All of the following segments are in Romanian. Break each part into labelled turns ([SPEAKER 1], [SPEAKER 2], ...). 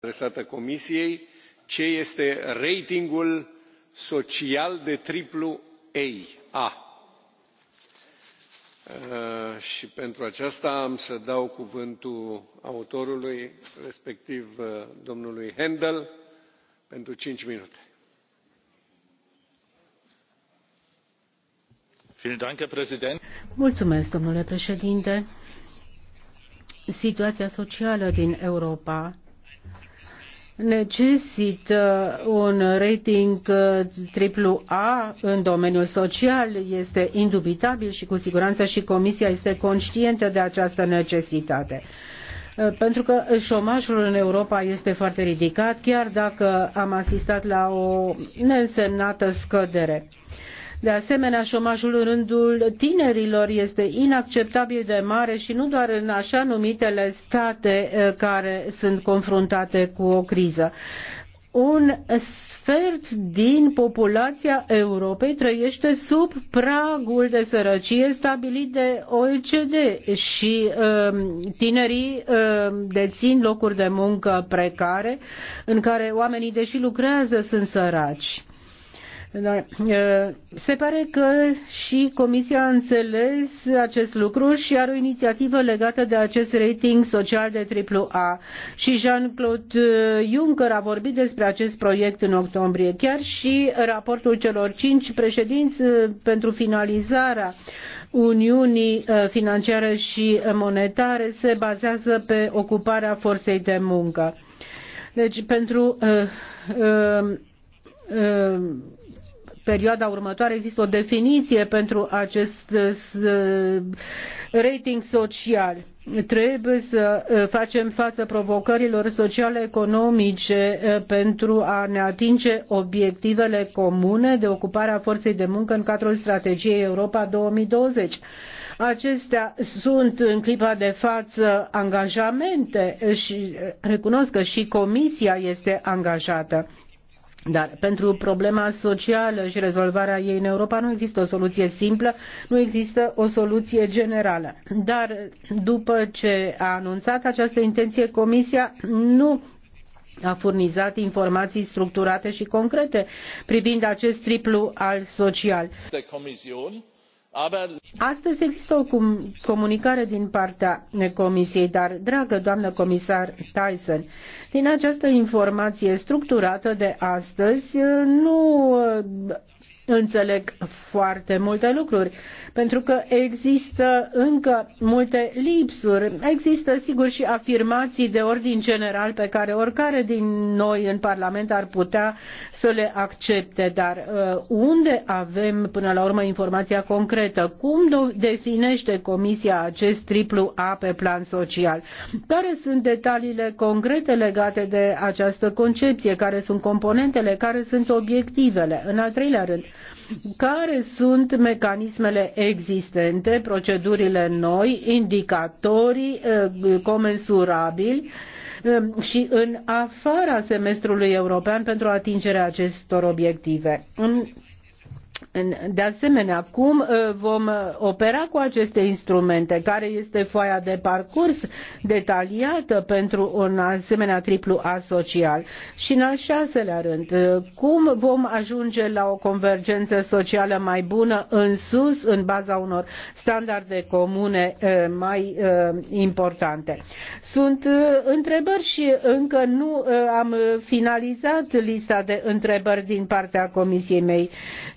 [SPEAKER 1] adresată comisiei ce este ratingul social de triplu a uh, și pentru aceasta am să dau cuvântul autorului respectiv uh, domnului handel pentru cinci minute.
[SPEAKER 2] Mulțumesc, domnule președinte situația socială din europa necesită un rating AAA uh, în domeniul social este indubitabil și cu siguranță și Comisia este conștientă de această necesitate uh, pentru că șomajul în Europa este foarte ridicat, chiar dacă am asistat la o neînsemnată scădere. Uh, de asemenea, șomajul în rândul tinerilor este inacceptabil de mare și nu doar în așa numitele state eh, care sunt confruntate cu o criză un sfert din populația Europei trăiește sub pragul de sărăcie stabilit de OECD și eh, tinerii eh, dețin locuri de muncă precare în care oamenii, deși lucrează, sunt săraci. Da, se pare că și Comisia a înțeles acest lucru și are o inițiativă legată de acest rating social de AAA. Și Jean-Claude Juncker a vorbit despre acest proiect în octombrie. Chiar și raportul celor cinci președinți pentru finalizarea Uniunii financiare și monetare se bazează pe ocuparea forței de muncă. Deci, pentru uh, uh, uh, perioada următoare există o definiție pentru acest uh, uh, rating social. Trebuie să uh, facem față provocărilor sociale economice pentru a ne atinge obiectivele comune de ocupare a forței de muncă în cadrul strategiei Europa 2020. Acestea sunt în clipa de față angajamente și recunosc că și Comisia este angajată. Dar pentru problema socială și rezolvarea ei în Europa nu există o soluție simplă, nu există o soluție generală. Dar după ce a anunțat această intenție, Comisia nu a furnizat informații structurate și concrete privind acest triplu al social. Astăzi există o comunicare din partea Comisiei, dar, dragă doamnă comisar Tyson, din această informație structurată de astăzi nu înțeleg foarte multe lucruri, pentru că există încă multe lipsuri. Există, sigur, și afirmații de ordin general pe care oricare din noi în Parlament ar putea să le accepte, dar uh, unde avem, până la urmă, informația concretă? Cum definește Comisia acest triplu A pe plan social? Care sunt detaliile concrete legate de această concepție? Care sunt componentele? Care sunt obiectivele? În al treilea rând, care sunt mecanismele existente, procedurile noi, indicatorii eh, comensurabili eh, și în afara semestrului european pentru atingerea acestor obiective. În de asemenea, cum uh, vom uh, opera cu aceste instrumente? Care este foaia de parcurs detaliată pentru un asemenea triplu A social? Și în al șaselea rând, uh, cum vom ajunge la o convergență socială mai bună în sus, în baza unor standarde comune mai importante? Sunt întrebări și încă nu am finalizat lista de întrebări din partea comisiei mei.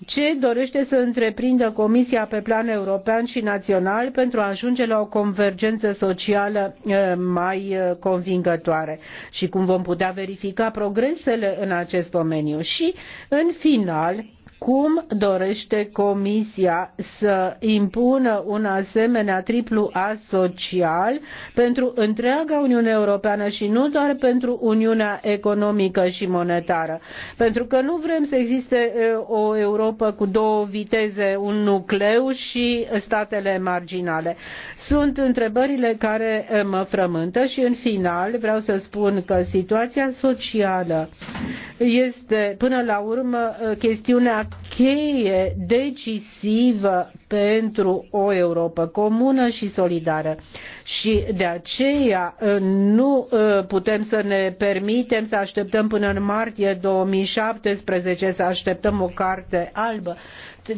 [SPEAKER 2] Ce do- dorește să întreprindă Comisia pe plan european și național pentru a ajunge la o convergență socială eh, mai eh, convingătoare și cum vom putea verifica progresele în acest domeniu. Și, în final, cum dorește Comisia să impună un asemenea triplu A social pentru întreaga Uniune Europeană și nu doar pentru Uniunea Economică și Monetară. Pentru că nu vrem să existe o Europa cu două viteze, un nucleu și statele marginale. Sunt întrebările care mă frământă și în final vreau să spun că situația socială este până la urmă chestiunea cheie decisivă pentru o Europa comună și solidară. Și de aceea uh, nu uh, putem să ne permitem să așteptăm până în martie 2017 să așteptăm o carte albă.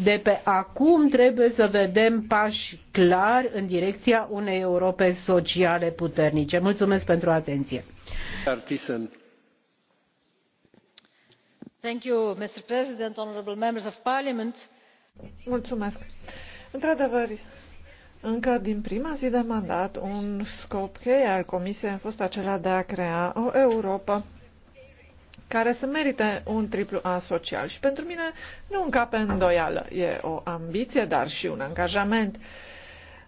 [SPEAKER 2] De pe acum trebuie să vedem pași clari în direcția unei Europe sociale puternice. Mulțumesc pentru atenție. Artisan mr president honourable members of parliament
[SPEAKER 3] într adevăr încă din prima zi de mandat un scop cheie al comisiei a fost acela de a crea o europă care să merite un triplu A social și pentru mine nu încape îndoială. E o ambiție, dar și un angajament.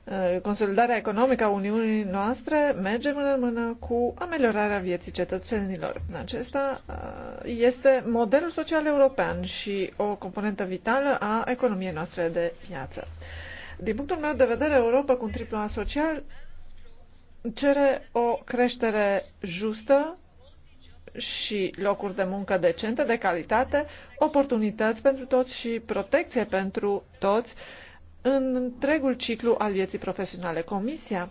[SPEAKER 3] Eh, consolidarea economică a Uniunii noastre merge mână în mână cu ameliorarea vieții cetățenilor. Acesta eh, este modelul social european și o componentă vitală a economiei noastre de piață. Din punctul meu de vedere, Europa cu un triplu A social cere o creștere justă și locuri de muncă decente, de calitate, oportunități pentru toți și protecție pentru toți, uh, în întregul ciclu al vieții profesionale. Comisia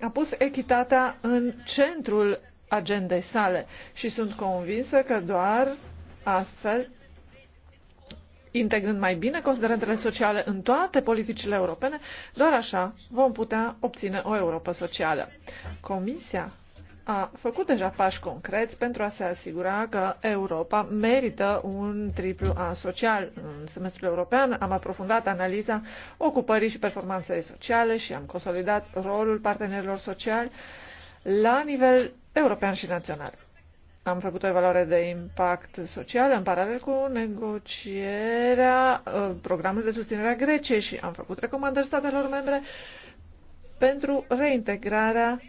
[SPEAKER 3] a pus echitatea în centrul agendei sale și sunt convinsă că doar astfel, integrând mai bine considerentele sociale în toate politicile europene, doar așa vom putea obține o Europa socială. Comisia a făcut deja pași concreți pentru a se asigura că Europa merită un triplu A social. În semestrul european am aprofundat analiza ocupării și performanței sociale și am consolidat rolul partenerilor sociali la nivel european și național. Am făcut o evaluare de impact social în paralel cu negocierea uh, programului de susținere a Greciei și am făcut recomandări statelor membre pentru reintegrarea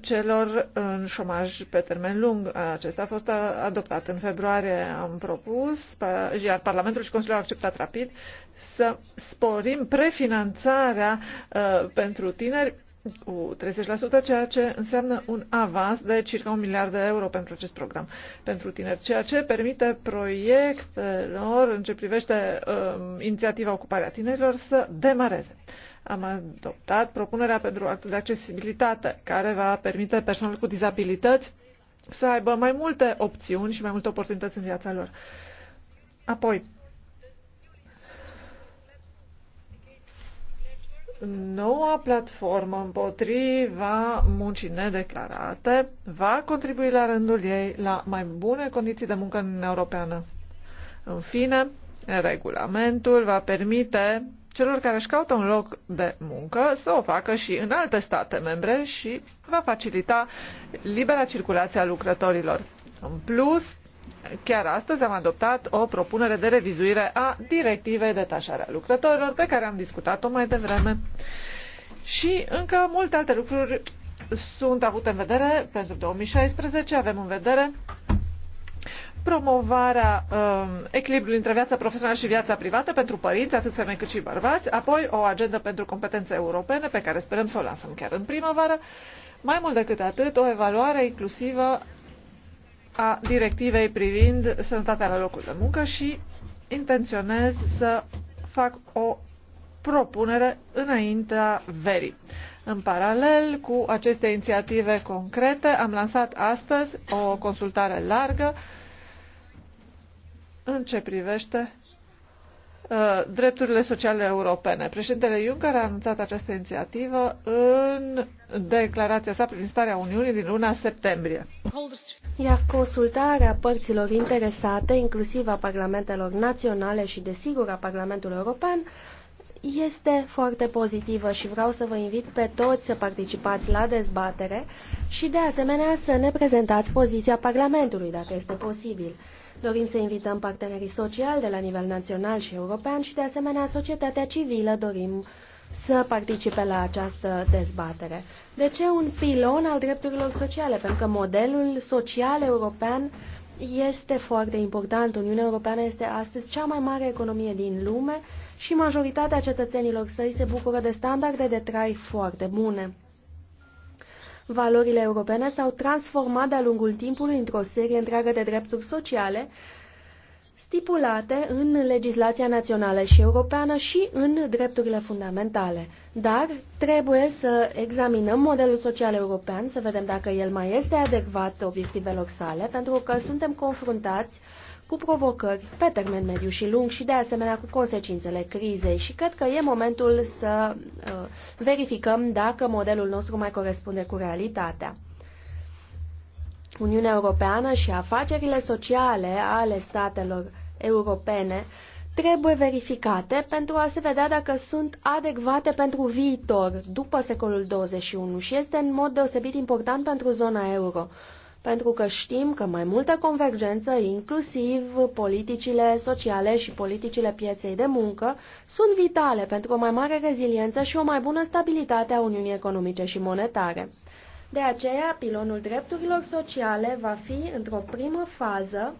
[SPEAKER 3] celor în șomaj pe termen lung. Acesta a fost adoptat în februarie, am propus, iar Parlamentul și Consiliul au acceptat rapid, să sporim prefinanțarea uh, pentru tineri cu 30%, ceea ce înseamnă un avans de circa un miliard de euro pentru acest program pentru tineri, ceea ce permite proiectelor, în ce privește um, uh, inițiativa Ocuparea Tinerilor, să demareze. Am adoptat propunerea pentru actul de accesibilitate, care va permite persoanelor cu dizabilități să aibă mai multe opțiuni și mai multe oportunități în viața lor. Apoi, noua platformă împotriva muncii nedeclarate va contribui la rândul ei la mai bune condiții de muncă în Europeană. În fine, regulamentul va permite celor care își caută un loc de muncă să o facă și în alte state membre și va facilita libera circulație a lucrătorilor. În plus, chiar astăzi am adoptat o propunere de revizuire a directivei de a lucrătorilor pe care am discutat-o mai devreme. Și încă multe alte lucruri sunt avute în vedere pentru 2016. Avem în vedere promovarea um, echilibrului între viața profesională și viața privată pentru părinți, atât femei cât și bărbați, apoi o agendă pentru competențe europene, pe care sperăm să o lansăm chiar în primăvară, mai mult decât atât, o evaluare inclusivă a directivei privind sănătatea la locul de muncă și intenționez să fac o propunere înaintea verii. În paralel cu aceste inițiative concrete, am lansat astăzi o consultare largă în ce privește uh, drepturile sociale europene. Președintele Juncker a anunțat această inițiativă în declarația sa prin starea Uniunii din luna septembrie.
[SPEAKER 1] Iar consultarea părților interesate, inclusiv a parlamentelor naționale și, desigur, a Parlamentului European, este foarte pozitivă și vreau să vă invit pe toți să participați la dezbatere și de asemenea să ne prezentați poziția Parlamentului, dacă este posibil. Dorim să invităm partenerii sociali de la nivel național și european și, de asemenea, societatea civilă dorim să participe la această dezbatere. De ce un pilon al drepturilor sociale? Pentru că modelul social european este foarte important. Uniunea Europeană este astăzi cea mai mare economie din lume și majoritatea cetățenilor săi se bucură de standarde de trai foarte bune. Valorile europene s-au transformat de-a lungul timpului într-o serie întreagă de drepturi sociale stipulate în legislația națională și europeană și în drepturile fundamentale. Dar trebuie să examinăm modelul social european, să vedem dacă el mai este adecvat obiectivelor sale, pentru că suntem confruntați uh, cu provocări pe termen mediu și lung și de asemenea cu consecințele crizei și cred că e momentul să uh, verificăm dacă modelul nostru mai corespunde cu realitatea. Uniunea Europeană și afacerile sociale ale statelor europene trebuie verificate pentru a se vedea dacă sunt adecvate pentru viitor, după secolul 21 și este în mod deosebit important pentru zona euro pentru că știm că mai multă convergență, inclusiv politicile sociale și politicile pieței de muncă, sunt vitale pentru o mai mare reziliență și o mai bună stabilitate a Uniunii Economice și Monetare. De aceea, pilonul drepturilor sociale va fi, într-o primă fază,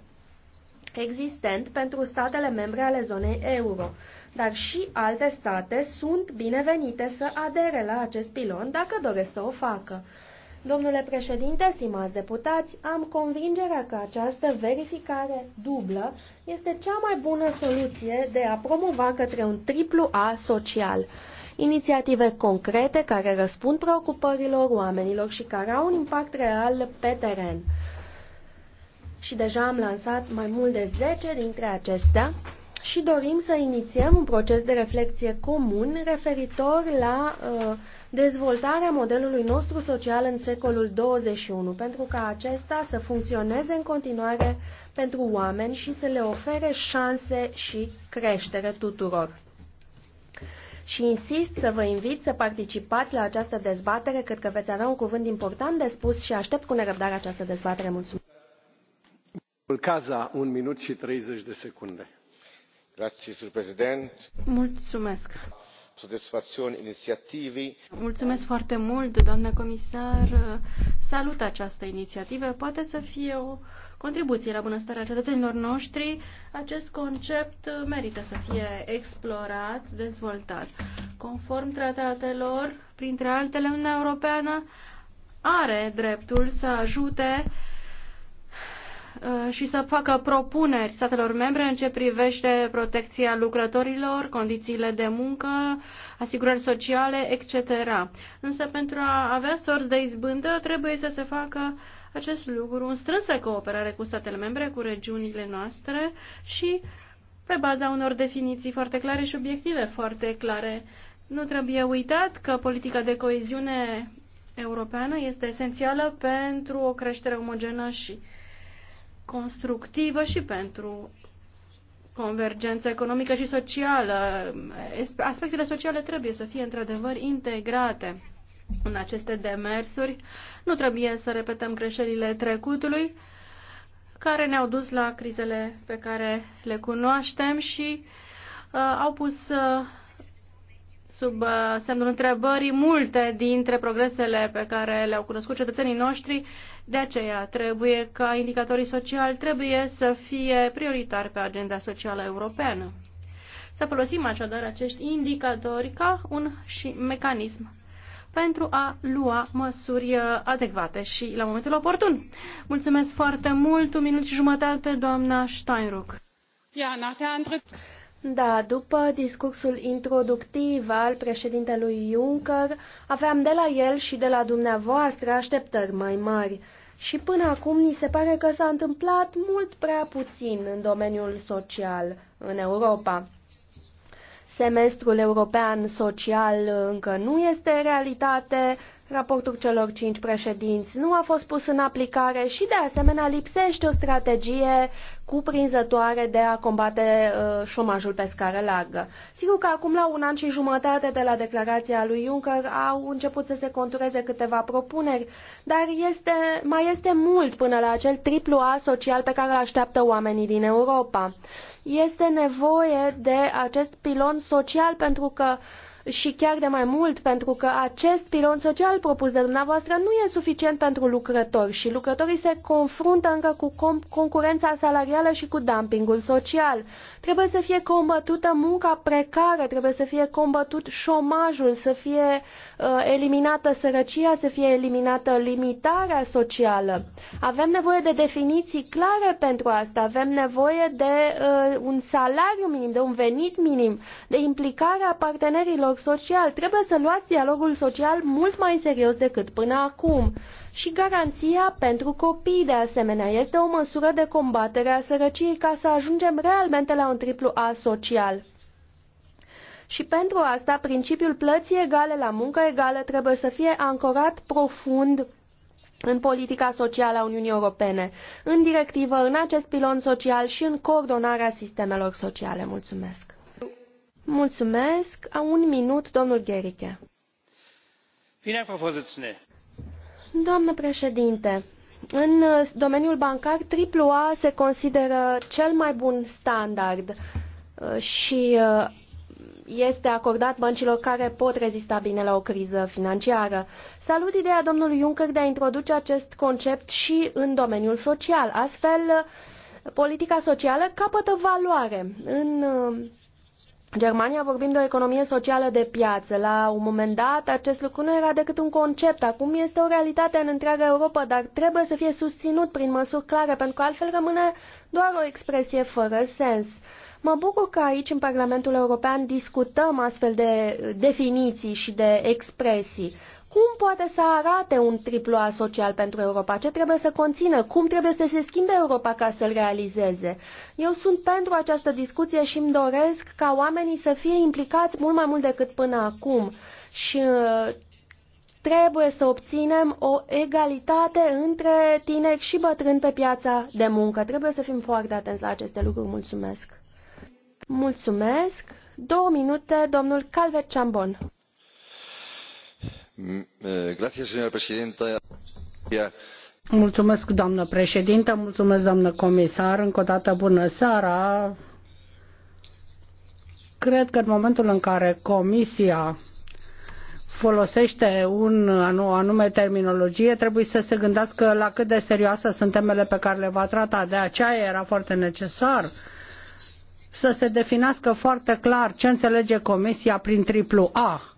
[SPEAKER 1] existent pentru statele membre ale zonei euro, dar și alte state sunt binevenite să adere la acest pilon dacă doresc să o facă. Domnule președinte, stimați deputați, am convingerea că această verificare dublă este cea mai bună soluție de a promova către un triplu A social. Inițiative concrete care răspund preocupărilor oamenilor și care au un impact real pe teren. Și deja am lansat mai mult de 10 dintre acestea și dorim să inițiem un proces de reflexie comun referitor la uh, dezvoltarea modelului nostru social în secolul 21, pentru ca acesta să funcționeze în continuare pentru oameni și să le ofere șanse și creștere tuturor. Și insist să vă invit să participați la această dezbatere, cred că veți avea un cuvânt important de spus și aștept cu nerăbdare această dezbatere. Mulțumesc! Caza, un minut și 30 de secunde.
[SPEAKER 4] Mulțumesc. Mulțumesc foarte mult, doamnă comisar. Salut această inițiativă. Poate să fie o contribuție la bunăstarea cetățenilor noștri. Acest concept merită să fie explorat, dezvoltat. Conform tratatelor, printre altele, Uniunea Europeană are dreptul să ajute Uh, și să facă propuneri statelor membre în ce privește protecția lucrătorilor, condițiile de muncă, asigurări sociale, etc. Însă pentru a avea sorți de izbândă trebuie să se facă acest lucru în strânsă cooperare cu statele membre, cu regiunile noastre și pe baza unor definiții foarte clare și obiective foarte clare. Nu trebuie uitat că politica de coeziune europeană este esențială pentru o creștere omogenă și constructivă și pentru convergență economică și socială. Aspectele sociale trebuie să fie într-adevăr integrate în aceste demersuri. Nu trebuie să repetăm greșelile trecutului care ne-au dus la crizele pe care le cunoaștem și uh, au pus uh, sub uh, semnul întrebării multe dintre progresele pe care le-au cunoscut cetățenii noștri uh, de aceea trebuie ca indicatorii sociali trebuie să fie prioritari pe agenda socială europeană. Să folosim așadar acești indicatori ca un și mecanism pentru a lua măsuri uh, adecvate și la momentul oportun. Mulțumesc foarte mult, un minut și jumătate, doamna Steinruck.
[SPEAKER 1] Ja, nach der Antritt... Da, după discursul introductiv al președintelui Juncker, aveam de la el și de la dumneavoastră așteptări mai mari. Și până acum ni se pare că s-a întâmplat mult prea puțin în domeniul social în Europa. Semestrul european social încă nu este realitate, Raportul celor cinci președinți nu a fost pus în aplicare și, de asemenea, lipsește o strategie cuprinzătoare de a combate uh, șomajul pe scară largă. Sigur că acum, la un an și jumătate de la declarația lui Juncker, au început să se contureze câteva propuneri, dar este, mai este mult până la acel triplu A social pe care îl așteaptă oamenii din Europa. Este nevoie de acest pilon social pentru că uh, și chiar de mai mult, pentru că acest pilon social propus de dumneavoastră nu e suficient pentru lucrători și lucrătorii se confruntă încă cu concurența salarială și cu dumpingul social. Trebuie să fie combătută munca precară, trebuie să fie combătut șomajul, să fie uh, eliminată sărăcia, să fie eliminată limitarea socială. Avem nevoie de definiții clare pentru asta, avem nevoie de uh, un salariu minim, de un venit minim, de implicarea partenerilor dialog social. Trebuie să luați dialogul social mult mai serios decât până acum. Și garanția pentru copii, de asemenea, este o măsură de combatere a sărăciei ca să ajungem realmente la un triplu A social. Și pentru asta, principiul plății egale la muncă egală trebuie să fie ancorat profund în politica socială a Uniunii Europene, în directivă, în acest pilon social și în coordonarea sistemelor sociale. Mulțumesc! Mulțumesc. A un minut, domnul Gheriche. Doamnă președinte, în uh, domeniul bancar, AAA se consideră cel mai bun standard uh, și uh, este acordat băncilor care pot rezista bine la o criză financiară. Salut ideea domnului Juncker de a introduce acest concept și în domeniul social. Astfel, politica socială capătă valoare. În Germania vorbim de o economie socială de piață. La un moment dat acest lucru nu era decât un concept, acum este o realitate în întreaga Europa, dar trebuie să fie susținut prin măsuri clare, pentru că altfel rămâne doar o expresie fără sens. Mă bucur că aici, în Parlamentul European, discutăm astfel de definiții și de expresii. Cum poate să arate un triplu A social pentru Europa? Ce trebuie să conțină? Cum trebuie să se schimbe Europa ca să-l realizeze? Eu sunt pentru această discuție și îmi doresc ca oamenii să fie implicați mult mai mult decât până acum. Și uh, trebuie să obținem o egalitate între tineri și bătrâni pe piața de muncă. Trebuie să fim foarte atenți la aceste lucruri. Mulțumesc! Mulțumesc! Două minute, domnul Calvet Ciambon.
[SPEAKER 5] Mulțumesc, doamnă președintă, mulțumesc, doamnă comisar. Încă o dată, bună seara. Cred că în momentul în care Comisia folosește un anume terminologie, trebuie să se gândească la cât de serioase sunt temele pe care le va trata. De aceea era foarte necesar să se definească foarte clar ce înțelege Comisia prin triplu A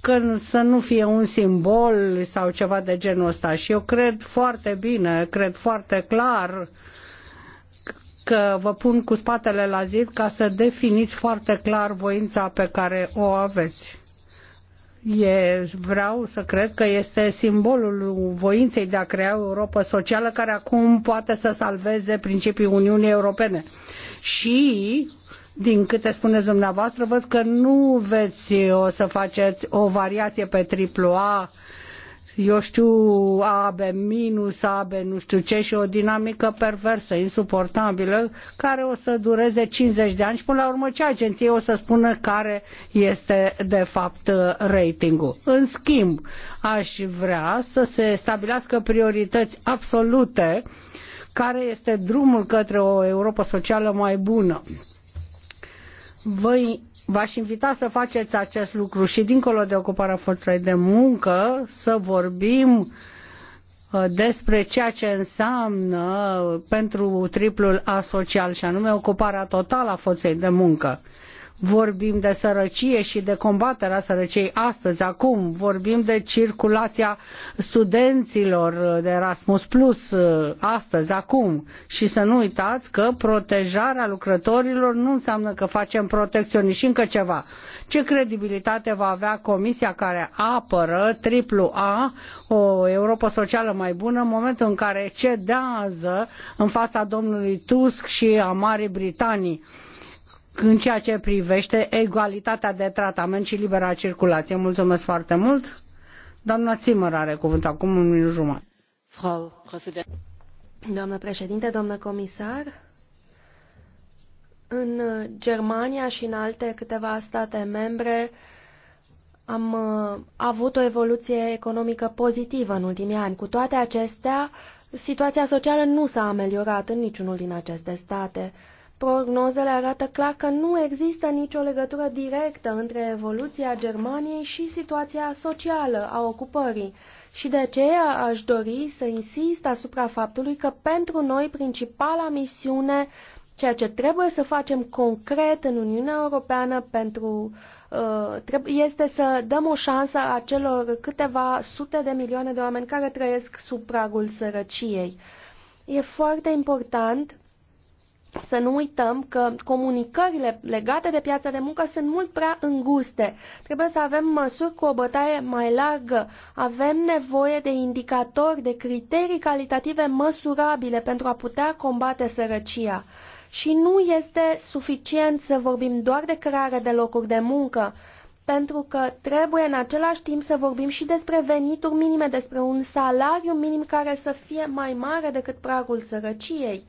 [SPEAKER 5] că să nu fie un simbol sau ceva de genul ăsta. Și eu cred foarte bine, cred foarte clar că vă pun cu spatele la zid ca să definiți foarte clar voința pe care o aveți. E, vreau să cred că este simbolul voinței de a crea o Europa socială care acum poate să salveze principiul Uniunii Europene. Și uh, din câte spuneți dumneavoastră, văd că nu veți o să faceți o variație pe triplu A, eu știu, AB minus, AB nu știu ce și o dinamică perversă, insuportabilă, care o să dureze 50 de ani și până la urmă ce agenție o să spună care este de fapt ratingul. În schimb, aș vrea să se stabilească priorități absolute care este drumul către o Europa socială mai bună vă, v-aș invita să faceți acest lucru și dincolo de ocuparea forței de muncă, să vorbim uh, despre ceea ce înseamnă pentru triplul A social și anume ocuparea totală a forței de muncă vorbim de sărăcie și de combaterea sărăciei astăzi, acum, vorbim de circulația studenților de Erasmus Plus uh, astăzi, acum. Și să nu uitați că protejarea lucrătorilor nu înseamnă că facem protecționism și încă ceva. Ce credibilitate va avea Comisia care apără triplu A, o Europa socială mai bună, în momentul în care cedează în fața domnului Tusk și a Marii Britanii? în ceea ce privește egalitatea de tratament și libera circulație. Mulțumesc foarte mult. Doamna Țimăr are cuvânt acum un minut jumătate.
[SPEAKER 1] Doamnă președinte, doamnă comisar, în Germania și în alte câteva state membre am uh, avut o evoluție economică pozitivă în ultimii ani. Cu toate acestea, situația socială nu s-a ameliorat în niciunul din aceste state. Prognozele arată clar că nu există nicio legătură directă între evoluția Germaniei și situația socială a ocupării și de aceea aș dori să insist asupra faptului că pentru noi principala misiune, ceea ce trebuie să facem concret în Uniunea Europeană pentru uh, este să dăm o șansă acelor câteva sute de milioane de oameni care trăiesc sub pragul sărăciei. E foarte important să nu uităm că comunicările legate de piața de muncă sunt mult prea înguste. Trebuie să avem măsuri cu o bătaie mai largă. Avem nevoie de indicatori, de criterii calitative măsurabile pentru a putea combate sărăcia. Și nu este suficient să vorbim doar de creare de locuri de muncă, pentru că trebuie în același timp să vorbim și despre venituri minime, despre un salariu minim care să fie mai mare decât pragul sărăciei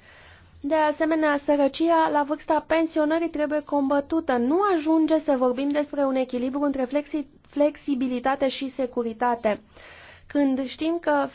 [SPEAKER 1] de asemenea, sărăcia la vârsta pensionării trebuie combătută. Nu ajunge să vorbim despre un echilibru între flexi flexibilitate și securitate. Când știm că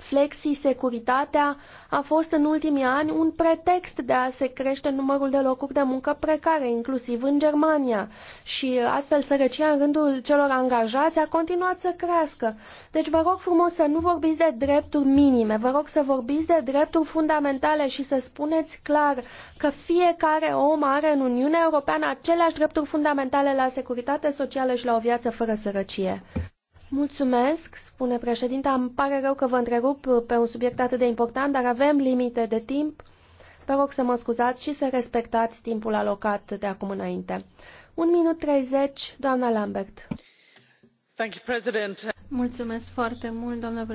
[SPEAKER 1] Flexi-securitatea a fost în ultimii ani un pretext de a se crește numărul de locuri de muncă precare, inclusiv în Germania. Și astfel sărăcia în rândul celor angajați a continuat să crească. Deci vă rog frumos să nu vorbiți de drepturi minime, vă rog să vorbiți de drepturi fundamentale și să spuneți clar că fiecare om are în Uniunea Europeană aceleași drepturi fundamentale la securitate socială și la o viață fără sărăcie. Mulțumesc, spune președinta. Îmi pare rău că vă întrerup pe un subiect atât de important, dar avem limite de timp. Vă rog să mă scuzați și să respectați timpul alocat de acum înainte. Un minut 30, doamna Lambert.
[SPEAKER 4] Mulțumesc foarte mult, doamna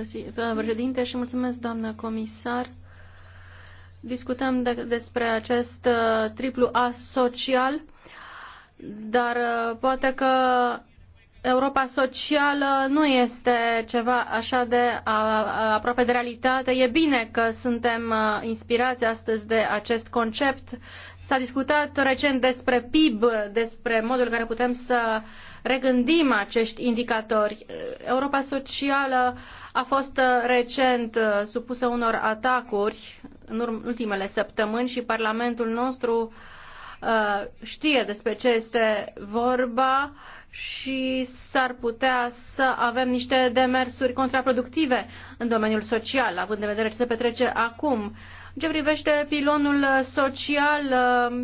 [SPEAKER 4] președinte, și mulțumesc, doamna comisar. Discutăm de, despre acest uh, triplu A social, dar uh, poate că Europa socială nu este ceva așa de aproape de realitate. E bine că suntem inspirați astăzi de acest concept. S-a discutat recent despre PIB, despre modul în care putem să regândim acești indicatori. Europa socială a fost recent supusă unor atacuri în ultimele săptămâni și Parlamentul nostru știe despre ce este vorba și s-ar putea să avem niște demersuri contraproductive în domeniul social, având în vedere ce se petrece acum. În ce privește pilonul social uh,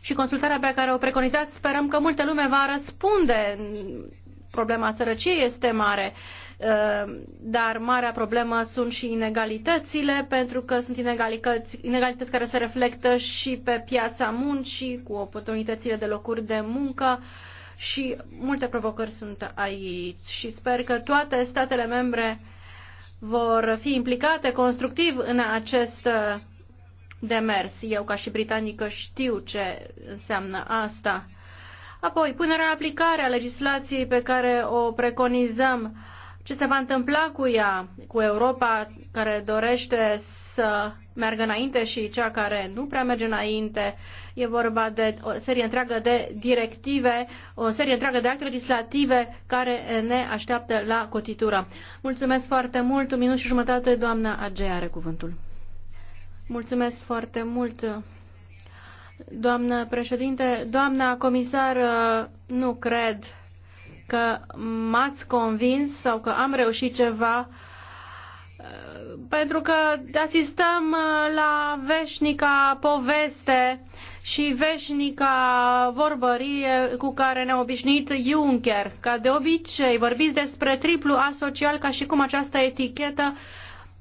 [SPEAKER 4] și consultarea pe care o preconizați, sperăm că multă lume va răspunde. Problema sărăciei este mare uh, dar marea problemă sunt și inegalitățile, pentru că sunt inegalități, inegalități care se reflectă și pe piața muncii, cu oportunitățile de locuri de muncă și multe provocări sunt aici și sper că toate statele membre vor fi implicate constructiv în acest uh, demers. Eu, ca și britanică, știu ce înseamnă asta. Apoi, punerea în aplicare a legislației pe care o preconizăm, ce se va întâmpla cu ea, cu Europa care dorește să meargă înainte și cea care nu prea merge înainte. E vorba de o serie întreagă de directive, o serie întreagă de acte legislative care ne așteaptă la cotitură. Mulțumesc foarte mult. Un minut și jumătate, doamna Agea are cuvântul. Mulțumesc foarte mult. Doamnă președinte, doamna comisar, nu cred că m-ați convins sau că am reușit ceva pentru că asistăm uh, la veșnica poveste și veșnica vorbărie cu care ne-a obișnuit Juncker. Ca de obicei, vorbiți despre triplu asocial ca și cum această etichetă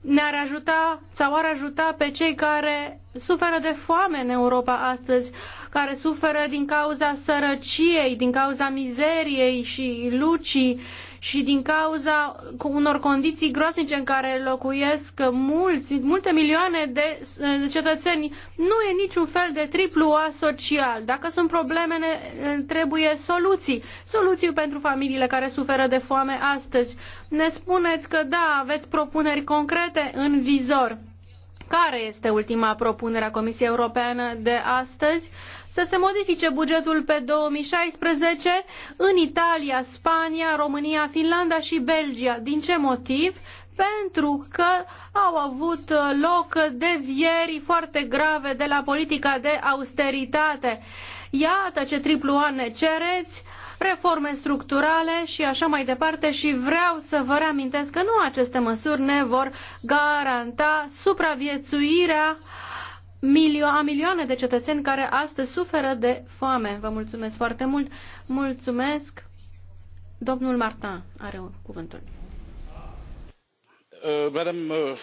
[SPEAKER 4] ne-ar ajuta sau ar ajuta pe cei care suferă de foame în Europa astăzi, care suferă din cauza sărăciei, din cauza mizeriei și lucii și din cauza unor condiții groaznice în care locuiesc mulți, multe milioane de cetățeni. Nu e niciun fel de triplu A social. Dacă sunt probleme, trebuie soluții. Soluții pentru familiile care suferă de foame astăzi. Ne spuneți că da, aveți propuneri concrete în vizor. Care este ultima propunere a Comisiei Europeană de astăzi? să se modifice bugetul pe 2016 în Italia, Spania, România, Finlanda și Belgia. Din ce motiv? pentru că au avut uh, loc devieri foarte grave de la politica de austeritate. Iată ce triplu an ne cereți, reforme structurale și așa mai departe și vreau să vă reamintesc că nu aceste măsuri ne vor garanta supraviețuirea uh, milio a milioane de cetățeni care astăzi suferă de foame. Vă mulțumesc foarte mult. Mulțumesc. Domnul Martin are cuvântul.
[SPEAKER 3] Uh, uh,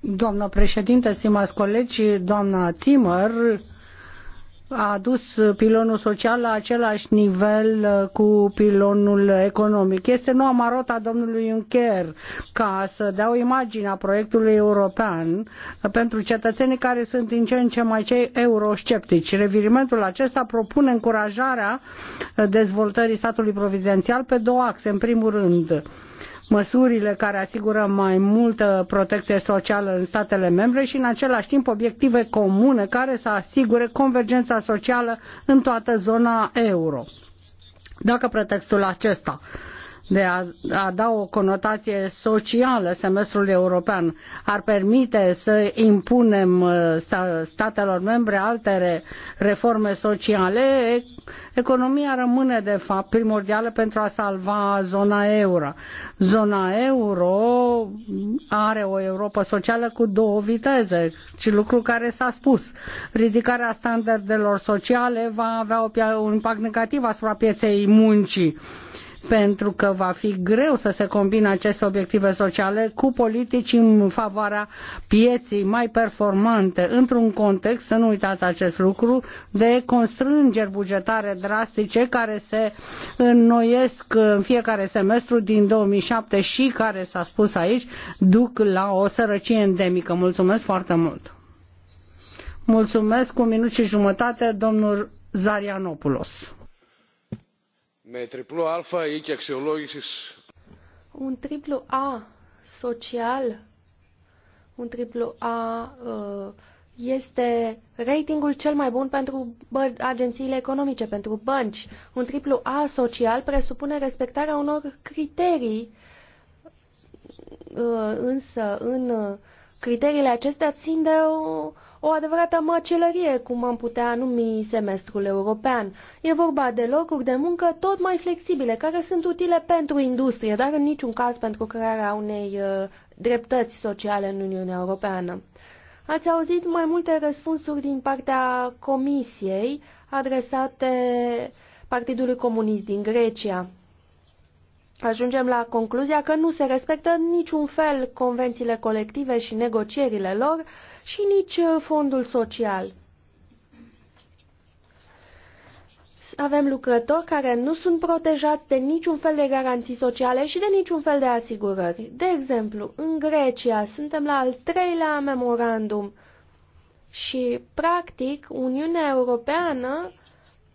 [SPEAKER 5] Doamnă președinte, stimați colegi, doamna Zimmer, a adus pilonul social la același nivel uh, cu pilonul economic. Este noua marotă a domnului Juncker ca să dea o imagine a proiectului european uh, pentru cetățenii care sunt din ce în ce mai cei eurosceptici. Revirimentul acesta propune încurajarea uh, dezvoltării statului providențial pe două axe. În primul rând, măsurile care asigură mai multă protecție socială în statele membre și în același timp obiective comune care să asigure convergența socială în toată zona euro. Dacă pretextul acesta de a, a da o conotație socială semestrului european ar permite să impunem uh, statelor membre alte reforme sociale, economia rămâne de fapt primordială pentru a salva zona euro. Zona euro are o Europa socială cu două viteze, ci lucru care s-a spus. Ridicarea standardelor sociale va avea un impact negativ asupra pieței muncii pentru că va fi greu să se combine aceste obiective sociale cu politici în favoarea pieții mai performante, într-un context, să nu uitați acest lucru, de constrângeri bugetare drastice care se înnoiesc în fiecare semestru din 2007 și care s-a spus aici, duc la o sărăcie endemică. Mulțumesc foarte mult! Mulțumesc cu minut și jumătate, domnul Zarianopoulos
[SPEAKER 1] un triplu A social, un triplu A ă, este ratingul cel mai bun pentru agențiile economice, pentru bănci. Un triplu A social presupune respectarea unor criterii, ă, însă în criteriile acestea țin de o o adevărată măcelărie, cum am putea numi semestrul european. E vorba de locuri de muncă tot mai flexibile, care sunt utile pentru industrie, dar în niciun caz pentru crearea unei uh, dreptăți sociale în Uniunea Europeană. Ați auzit mai multe răspunsuri din partea Comisiei adresate Partidului Comunist din Grecia ajungem la concluzia că nu se respectă în niciun fel convențiile colective și negocierile lor și nici uh, fondul social. Avem lucrători care nu sunt protejați de niciun fel de garanții sociale și de niciun fel de asigurări. De exemplu, în Grecia suntem la al treilea memorandum și, practic, Uniunea Europeană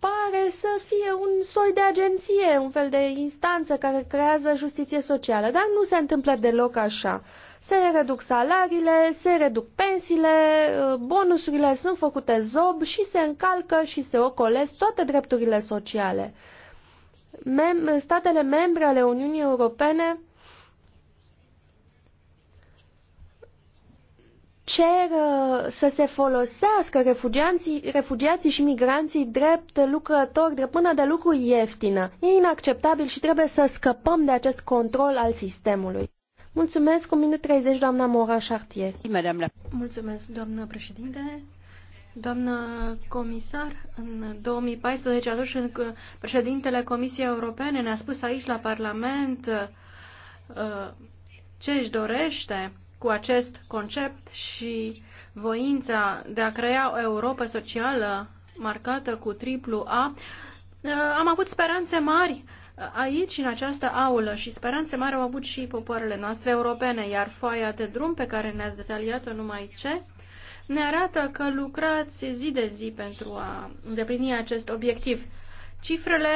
[SPEAKER 1] pare să fie un soi de agenție, un fel de instanță care creează justiție socială, dar nu se întâmplă deloc așa. Se reduc salariile, se reduc pensiile, bonusurile sunt făcute zob și se încalcă și se ocolesc toate drepturile sociale. Mem statele membre ale Uniunii Europene cer uh, să se folosească refugiații, refugiații și migranții drept lucrători, drept până de lucru ieftină. E inacceptabil și trebuie să scăpăm de acest control al sistemului. Mulțumesc, un minut 30, doamna Mora Chartier.
[SPEAKER 4] Mulțumesc, doamnă președinte. Doamnă comisar, în 2014, atunci când președintele Comisiei Europene ne-a spus aici la Parlament uh, ce își dorește, cu acest concept și voința de a crea o Europa socială marcată cu triplu A, eh, am avut speranțe mari eh, aici, în această aulă, și speranțe mari au avut și popoarele noastre europene, iar foaia de drum pe care ne-ați detaliat-o numai ce, ne arată că lucrați zi de zi pentru a îndeplini acest obiectiv. Cifrele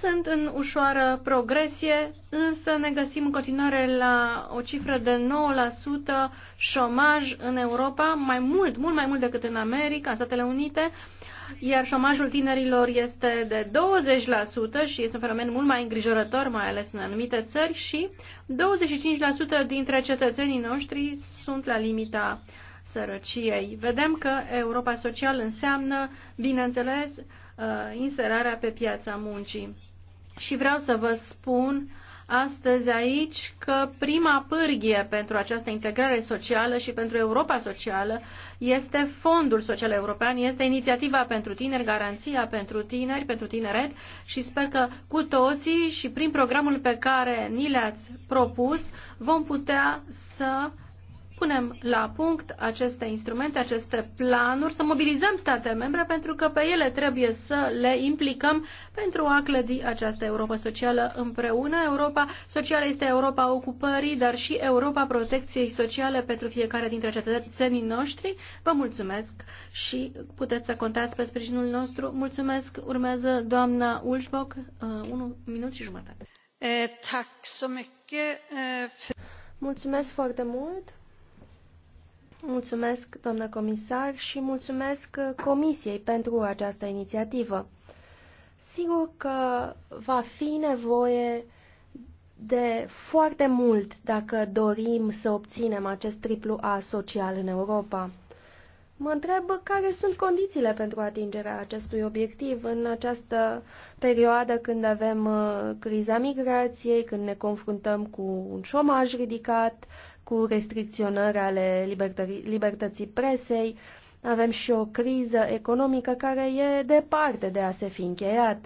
[SPEAKER 4] sunt în ușoară progresie, însă ne găsim în continuare la o cifră de 9% șomaj în Europa, mai mult, mult mai mult decât în America, în Statele Unite, iar șomajul tinerilor este de 20% și este un fenomen mult mai îngrijorător, mai ales în anumite țări, și 25% dintre cetățenii noștri sunt la limita sărăciei. Vedem că Europa Social înseamnă, bineînțeles, uh, inserarea pe piața muncii. Și vreau să vă spun astăzi aici că prima pârghie pentru această integrare socială și pentru Europa socială este Fondul Social European, este inițiativa pentru tineri, garanția pentru tineri, pentru tineret și sper că cu toții și prin programul pe care ni l-ați propus vom putea să uh, punem la punct aceste instrumente, aceste planuri, să mobilizăm statele membre pentru că pe ele trebuie să le implicăm pentru a clădi această Europa socială împreună. Europa socială este Europa ocupării, dar și Europa protecției sociale pentru fiecare dintre cetățenii noștri. Vă mulțumesc și puteți să contați pe sprijinul nostru. Mulțumesc. Urmează doamna uh, un minut și jumătate.
[SPEAKER 2] Eh,
[SPEAKER 1] eh, mulțumesc foarte mult. Mulțumesc, doamnă comisar, și mulțumesc uh, Comisiei pentru această inițiativă. Sigur că va fi nevoie de foarte mult dacă dorim să obținem acest triplu A social în Europa. Mă întreb care sunt condițiile pentru atingerea acestui obiectiv în această perioadă când avem uh, criza migrației, când ne confruntăm cu un șomaj ridicat, cu restricționări ale libertă libertății presei, avem și o criză economică care e departe de a se fi încheiat.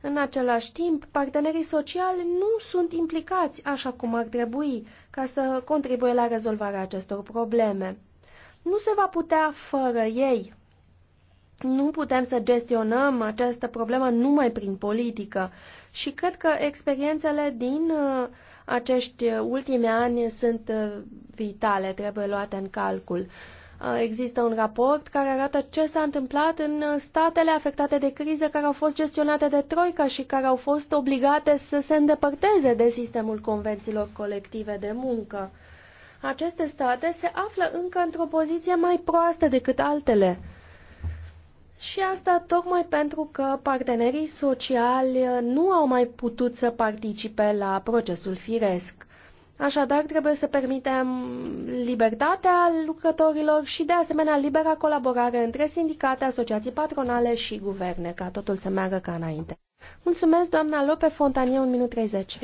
[SPEAKER 1] În același timp, partenerii sociali nu sunt implicați așa cum ar trebui ca să contribuie la rezolvarea acestor probleme. Nu se va putea fără ei. Nu putem să gestionăm această problemă numai prin politică și cred că experiențele din uh, acești uh, ultimi ani sunt uh, vitale, trebuie luate în calcul. Uh, există un raport care arată ce s-a întâmplat în statele afectate de criză care au fost gestionate de Troica și care au fost obligate să se îndepărteze de sistemul convențiilor colective de muncă. Aceste state se află încă într-o poziție mai proastă decât altele și asta tocmai pentru că partenerii sociali nu au mai putut să participe la procesul firesc. Așadar, trebuie să permitem libertatea lucrătorilor și, de asemenea, libera colaborare între sindicate, asociații patronale și guverne, ca totul să meargă ca înainte. Mulțumesc, doamna Lope Fontanie, un minut 30.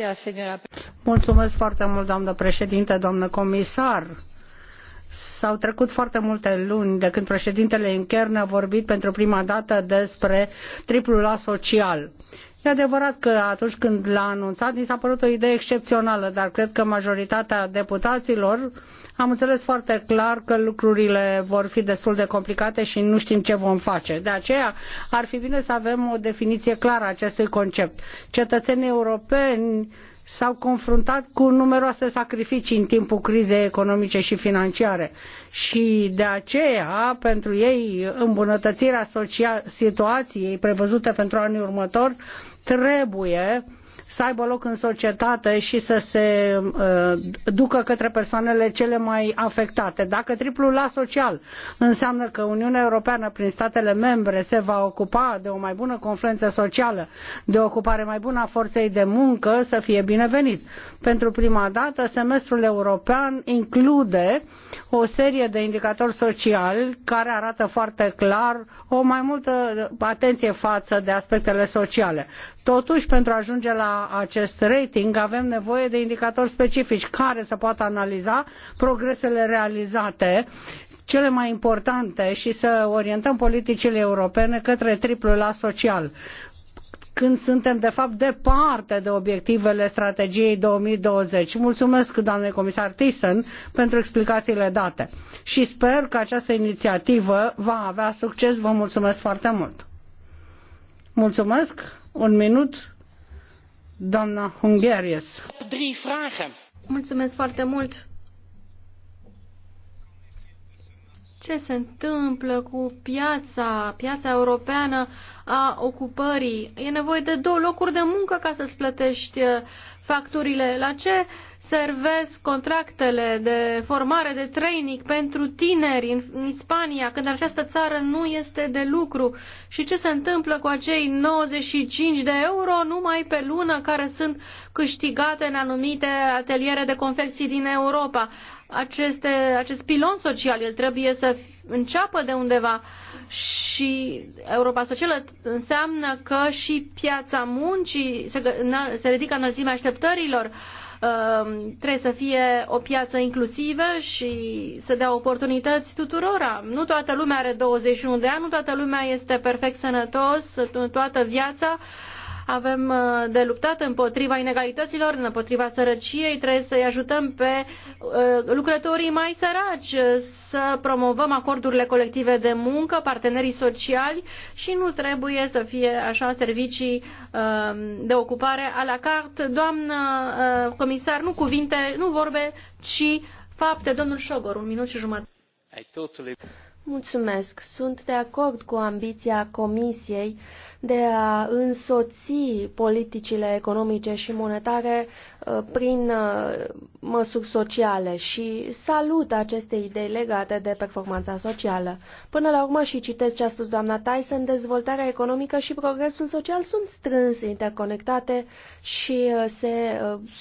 [SPEAKER 5] Mulțumesc foarte mult, doamnă președinte, doamnă comisar. S-au trecut foarte multe luni de când președintele Juncker ne-a vorbit pentru prima dată despre triplul A social. E adevărat că atunci când l-a anunțat, ni s-a părut o idee excepțională, dar cred că majoritatea deputaților am înțeles foarte clar că lucrurile vor fi destul de complicate și nu știm ce vom face. De aceea ar fi bine să avem o definiție clară a acestui concept. Cetățenii europeni s-au confruntat cu numeroase sacrificii în timpul crizei economice și financiare și de aceea pentru ei îmbunătățirea situației prevăzute pentru anul următor trebuie uh, să aibă loc în societate și să se uh, ducă către persoanele cele mai afectate. Dacă triplul la social înseamnă că Uniunea Europeană prin statele membre se va ocupa de o mai bună confluență socială, de o ocupare mai bună a forței de muncă, să fie binevenit. Pentru prima dată, semestrul european include o serie de indicatori sociali care arată foarte clar o mai multă atenție față de aspectele sociale. Totuși, pentru a ajunge la acest rating, avem nevoie de indicatori specifici care să poată analiza progresele realizate cele mai importante și să orientăm politicile europene către triplul A social când suntem de fapt departe de obiectivele strategiei 2020. Mulțumesc doamnei comisar Thyssen pentru explicațiile date și sper că această inițiativă va avea succes. Vă mulțumesc foarte mult. Mulțumesc. Un minut,
[SPEAKER 4] Mulțumesc foarte mult. ce se întâmplă cu piața, piața europeană a ocupării. E nevoie de două locuri de muncă ca să-ți plătești uh, facturile. La ce servesc contractele de formare, de training pentru tineri în, în Spania, când această țară nu este de lucru? Și ce se întâmplă cu acei 95 de euro numai pe lună care sunt câștigate în anumite ateliere de confecții din Europa? aceste, acest pilon social, el trebuie să înceapă de undeva și Europa Socială înseamnă că și piața muncii se, se ridică înălțimea așteptărilor ehm, trebuie să fie o piață inclusivă și să dea oportunități tuturora. Nu toată lumea are 21 de ani, nu toată lumea este perfect sănătos toată viața. Uh, avem uh, de luptat împotriva inegalităților, împotriva sărăciei, trebuie să-i ajutăm pe uh, lucrătorii mai săraci, uh, să promovăm acordurile colective de muncă, partenerii sociali și nu trebuie să fie așa servicii de ocupare a la carte. Doamnă comisar, nu cuvinte,
[SPEAKER 1] nu vorbe, ci fapte. Domnul Șogor, un minut și jumătate. Mulțumesc. Sunt de acord cu ambiția Comisiei de a însoți politicile economice și monetare uh, prin uh, măsuri sociale și salut aceste idei legate de performanța socială. Până la urmă și citesc ce a spus doamna Tyson, dezvoltarea economică și progresul social sunt strâns interconectate și uh, se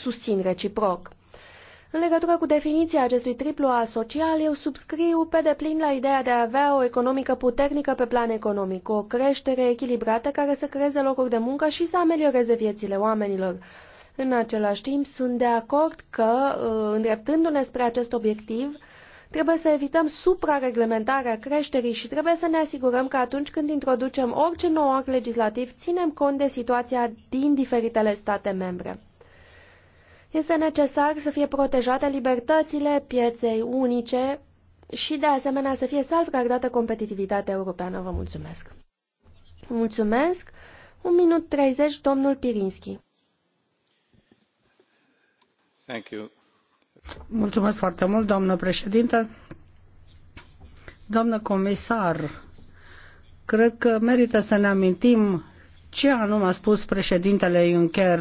[SPEAKER 1] susțin reciproc. În legătură cu definiția acestui triplu A social, eu subscriu pe deplin la ideea de a avea o economică puternică pe plan economic, o creștere echilibrată care să creeze locuri de muncă și să amelioreze viețile oamenilor. În același timp, sunt de acord că, uh, îndreptându-ne spre acest obiectiv, trebuie să evităm suprareglementarea creșterii și trebuie să ne asigurăm că atunci când introducem orice nou act legislativ, ținem cont de situația din diferitele state membre. Este necesar să fie protejate libertățile pieței unice și, de asemenea, să fie salvgardată competitivitatea europeană. Vă mulțumesc! Mulțumesc! Un minut 30, domnul Pirinski.
[SPEAKER 3] Thank you.
[SPEAKER 5] Mulțumesc foarte mult, doamnă președintă. Doamnă comisar, cred că merită să ne amintim ce anume a spus președintele Juncker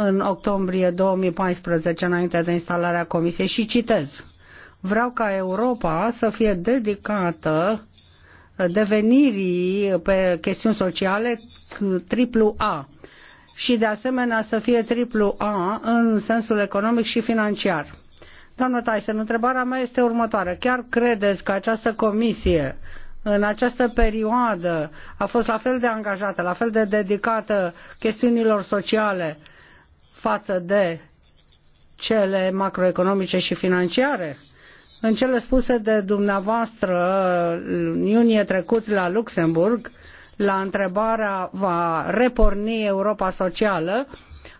[SPEAKER 5] în octombrie 2014 înainte de instalarea comisiei și citez. Vreau ca Europa să fie dedicată devenirii pe chestiuni sociale triplu A și de asemenea să fie triplu A în sensul economic și financiar. Doamnă Tyson, întrebarea mea este următoare. Chiar credeți că această comisie în această perioadă a fost la fel de angajată, la fel de dedicată chestiunilor sociale față de cele macroeconomice și financiare. În cele spuse de dumneavoastră în iunie trecut la Luxemburg, la întrebarea va reporni Europa socială,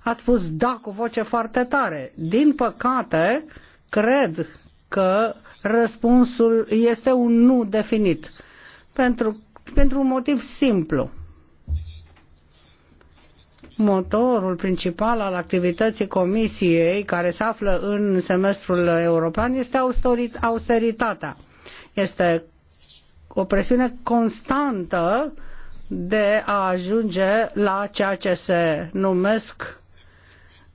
[SPEAKER 5] a spus da cu voce foarte tare. Din păcate, cred că răspunsul este un nu definit. Pentru, pentru un motiv simplu motorul principal al activității Comisiei care se află în semestrul european este austeritatea. Este o presiune constantă de a ajunge la ceea ce se numesc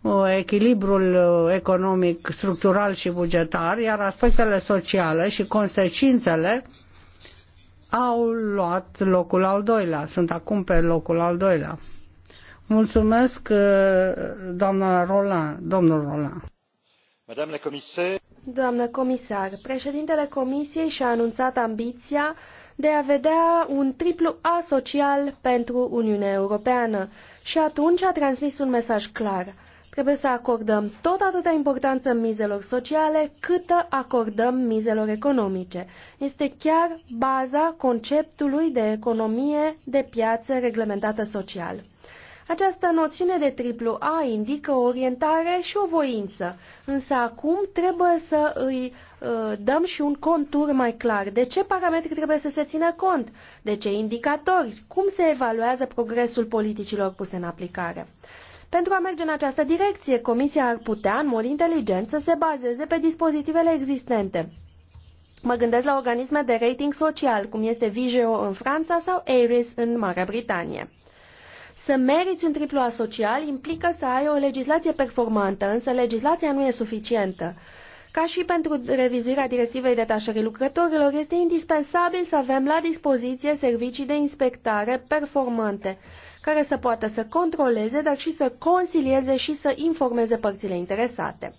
[SPEAKER 5] uh, echilibrul economic, structural și bugetar, iar aspectele sociale și consecințele au luat locul al doilea, sunt acum pe locul al doilea. Mulțumesc, uh, doamna Roland, domnul Roland.
[SPEAKER 4] Doamna comisar...
[SPEAKER 1] Doamnă comisar, președintele Comisiei și-a anunțat ambiția de a vedea un triplu A social pentru Uniunea Europeană și atunci a transmis un mesaj clar. Trebuie să acordăm tot atâta importanță mizelor sociale câtă acordăm mizelor economice. Este chiar baza conceptului de economie de piață reglementată social. Această noțiune de triplu A indică o orientare și o voință, însă acum trebuie să îi uh, dăm și un contur mai clar. De ce parametri trebuie să se țină cont? De ce indicatori? Cum se evaluează progresul politicilor puse în aplicare? Pentru a merge în această direcție, Comisia ar putea, în mod inteligent, să se bazeze pe dispozitivele existente. Mă gândesc la organisme de rating social, cum este Vigeo în Franța sau Ares în Marea Britanie. Să meriți un triplu asocial implică să ai o legislație performantă, însă legislația nu e suficientă. Ca și pentru revizuirea directivei detașării lucrătorilor, este indispensabil să avem la dispoziție servicii de inspectare performante, care să poată să controleze, dar și să consilieze și să informeze părțile interesate.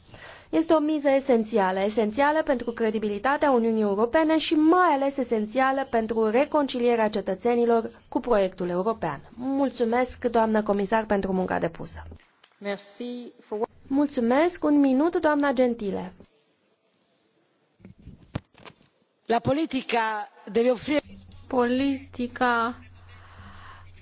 [SPEAKER 1] Este o miză esențială, esențială pentru credibilitatea Uniunii Europene și mai ales esențială pentru reconcilierea cetățenilor cu proiectul european. Mulțumesc, doamnă comisar, pentru munca depusă. Mulțumesc. Un minut, doamna Gentile.
[SPEAKER 2] La politica deve offrire...
[SPEAKER 4] Politica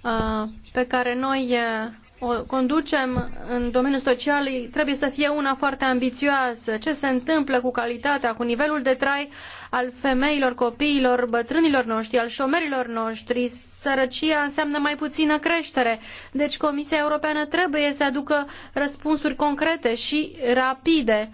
[SPEAKER 4] uh, pe care noi uh, o conducem în domeniul social trebuie să fie una foarte ambițioasă. Ce se întâmplă cu calitatea, cu nivelul de trai al femeilor, copiilor, bătrânilor noștri, al șomerilor noștri? Sărăcia înseamnă mai puțină creștere. Deci Comisia Europeană trebuie să aducă răspunsuri concrete și rapide,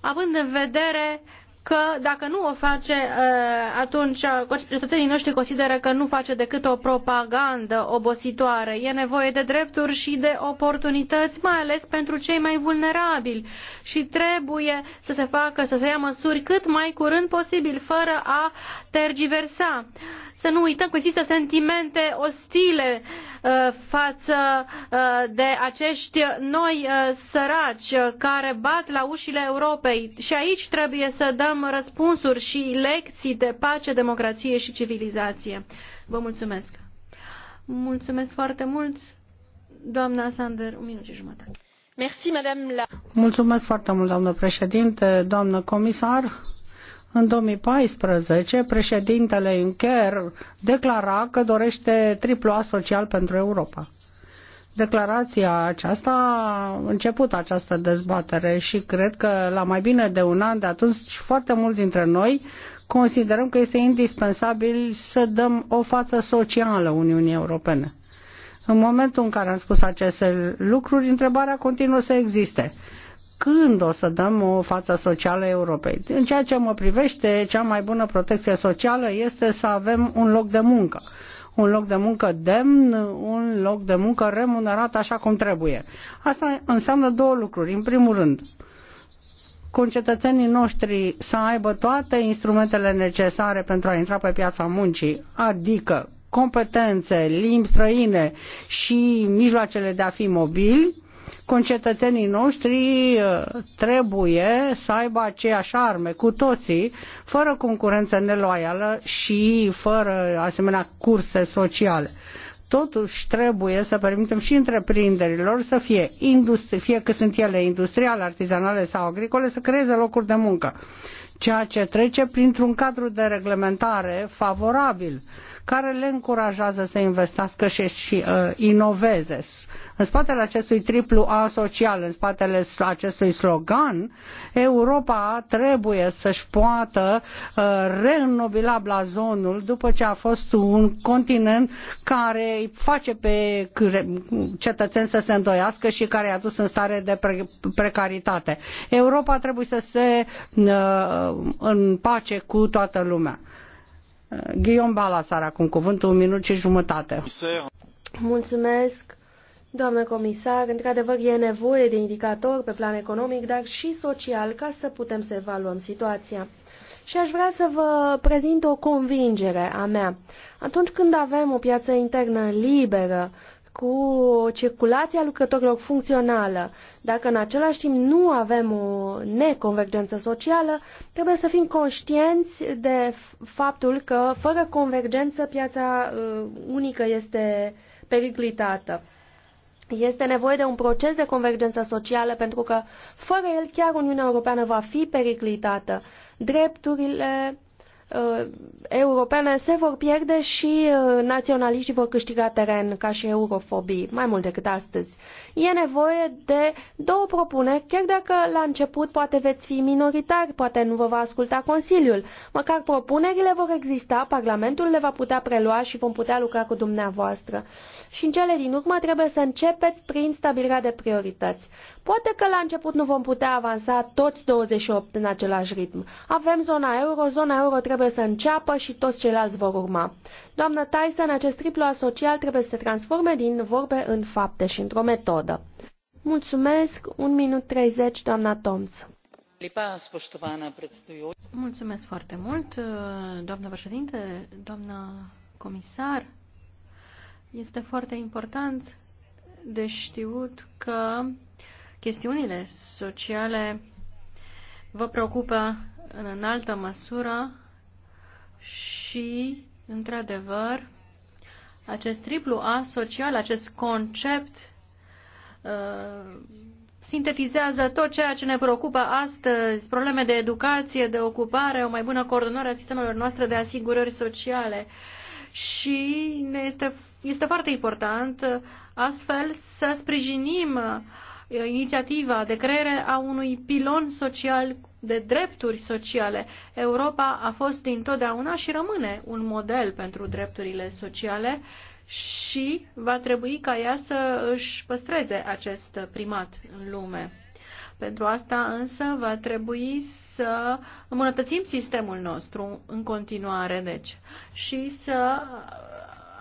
[SPEAKER 4] având în vedere că dacă nu o face, uh, atunci cetățenii noștri consideră că nu face decât o propagandă obositoare. E nevoie de drepturi și de oportunități, mai ales pentru cei mai vulnerabili. Și trebuie să se facă, să se ia măsuri cât mai curând posibil, fără a tergiversa. Să nu uităm că există sentimente ostile uh, față uh, de acești noi uh, săraci care bat la ușile Europei. Și aici trebuie să dăm răspunsuri și lecții de pace, democrație și civilizație. Vă mulțumesc! Mulțumesc foarte mult, doamna Sander, un minut și jumătate.
[SPEAKER 5] Mulțumesc foarte mult, doamnă președinte, doamnă comisar în 2014, președintele Juncker declara că dorește triplu A social pentru Europa. Declarația aceasta a început această dezbatere și cred că la mai bine de un an de atunci foarte mulți dintre noi considerăm că este indispensabil să dăm o față socială Uniunii Europene. În momentul în care am spus aceste lucruri, întrebarea continuă să existe când o să dăm o față socială Europei. În ceea ce mă privește, cea mai bună protecție socială este să avem un loc de muncă un loc de muncă demn, un loc de muncă remunerat așa cum trebuie. Asta înseamnă două lucruri. În primul rând, concetățenii noștri să aibă toate instrumentele necesare pentru a intra pe piața muncii, adică competențe, limbi străine și mijloacele de a fi mobili, concetățenii noștri uh, trebuie să aibă aceeași arme cu toții, fără concurență neloială și fără asemenea curse sociale. Totuși trebuie să permitem și întreprinderilor să fie, industri, fie că sunt ele industriale, artizanale sau agricole, să creeze locuri de muncă, ceea ce trece printr-un cadru de reglementare favorabil care le încurajează să investească și, să uh, inoveze. În spatele acestui triplu A social, în spatele acestui slogan, Europa trebuie să-și poată uh, reînnobila blazonul după ce a fost un continent care îi face pe cetățeni să se îndoiască și care i-a dus în stare de pre- precaritate. Europa trebuie să se uh, în pace cu toată lumea. Ghion Balas acum cuvântul, un minut și jumătate.
[SPEAKER 1] Mulțumesc, doamnă comisar. Într-adevăr, e nevoie de indicatori pe plan economic, dar și social, ca să putem să evaluăm situația. Și aș vrea să vă prezint o convingere a mea. Atunci când avem o piață internă liberă, cu circulația lucrătorilor funcțională, dacă în același timp nu avem o neconvergență socială, trebuie să fim conștienți de faptul că fără convergență piața uh, unică este periclitată. Este nevoie de un proces de convergență socială pentru că fără el chiar Uniunea Europeană va fi periclitată. Drepturile Uh, europene se vor pierde și uh, naționaliștii vor câștiga teren ca și eurofobii, mai mult decât astăzi. E nevoie de două propuneri, chiar dacă la început poate veți fi minoritari, poate nu vă va asculta Consiliul. Măcar propunerile vor exista, Parlamentul le va putea prelua și vom putea lucra cu dumneavoastră. Uh, și în cele din urmă trebuie să începeți prin stabilirea de priorități. Poate că la început nu vom putea avansa toți 28 în același ritm. Avem zona euro, zona euro trebuie să înceapă și toți ceilalți vor urma. Doamnă Tyson, acest triplu asocial trebuie să se transforme din vorbe în fapte și într-o metodă. Mulțumesc, 1 minut 30, doamna Tomț.
[SPEAKER 4] Mulțumesc foarte mult, doamnă președinte, doamnă comisar, este foarte important de știut că chestiunile sociale vă preocupă în înaltă măsură și, într-adevăr, acest triplu A social, acest concept, uh, sintetizează tot ceea ce ne preocupă astăzi, probleme de educație, de ocupare, o mai bună coordonare a sistemelor noastre de asigurări sociale. Și ne este este foarte important uh, astfel să sprijinim uh, inițiativa de creere a unui pilon social de drepturi sociale. Europa a fost dintotdeauna și rămâne un model pentru drepturile sociale și va trebui ca ea să își păstreze acest primat în lume. Pentru asta însă va trebui să îmbunătățim sistemul nostru în continuare, deci, și să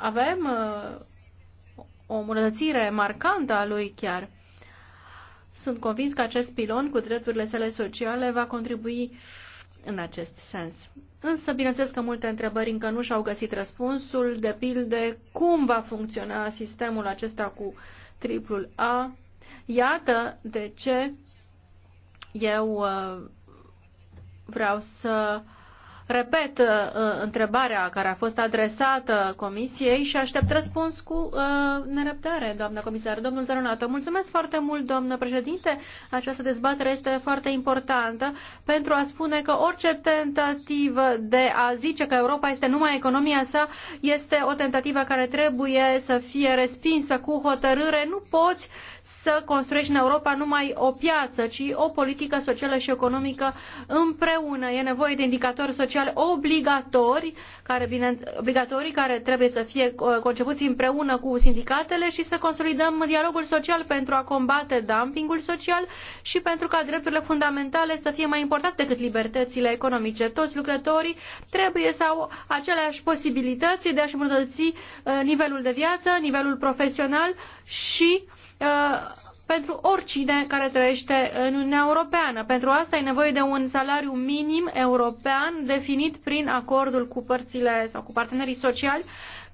[SPEAKER 4] avem uh, o îmbunătățire marcantă a lui chiar. Sunt convins că acest pilon cu drepturile sale sociale va contribui în acest sens. Însă, bineînțeles că multe întrebări încă nu și-au găsit răspunsul, de pilde cum va funcționa sistemul acesta cu triplul A. Iată de ce eu uh, vreau să uh, Repet uh, uh, întrebarea care a fost adresată Comisiei și aștept răspuns cu uh, nerăbdare, doamnă comisar. Domnul Zăronato, mulțumesc foarte mult, doamnă președinte. Această dezbatere este foarte importantă pentru a spune că orice tentativă de a zice că Europa este numai economia sa este o tentativă care trebuie să fie respinsă cu hotărâre. Nu poți să construiești în Europa numai o piață, ci o politică socială și economică împreună. E nevoie de indicatori sociali obligatori, care, bine, obligatorii, care trebuie să fie uh, concepuți împreună cu sindicatele și să consolidăm dialogul social pentru a combate dumpingul social și pentru ca drepturile fundamentale să fie mai importante decât libertățile economice. Toți lucrătorii trebuie să au aceleași posibilități de a-și îmbunătăți uh, nivelul de viață, nivelul profesional și uh, Uh, pentru oricine care trăiește în Uniunea Europeană. Pentru asta e nevoie de un salariu minim european definit prin acordul cu părțile sau cu partenerii sociali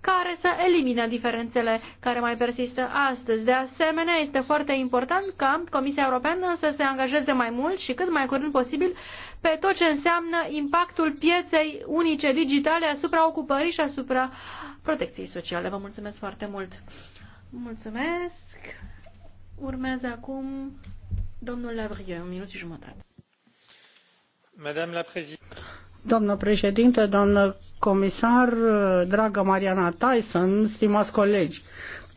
[SPEAKER 4] care să elimine diferențele care mai persistă astăzi. De asemenea, este foarte important ca Comisia Europeană să se angajeze mai mult și cât mai curând posibil pe tot ce înseamnă impactul pieței unice digitale asupra ocupării și asupra protecției sociale. Vă mulțumesc foarte mult! Mulțumesc! Urmează acum domnul Lavrie, un minut și jumătate.
[SPEAKER 3] Madame la Présidente.
[SPEAKER 5] Doamnă președinte, doamnă comisar, dragă Mariana Tyson, stimați colegi,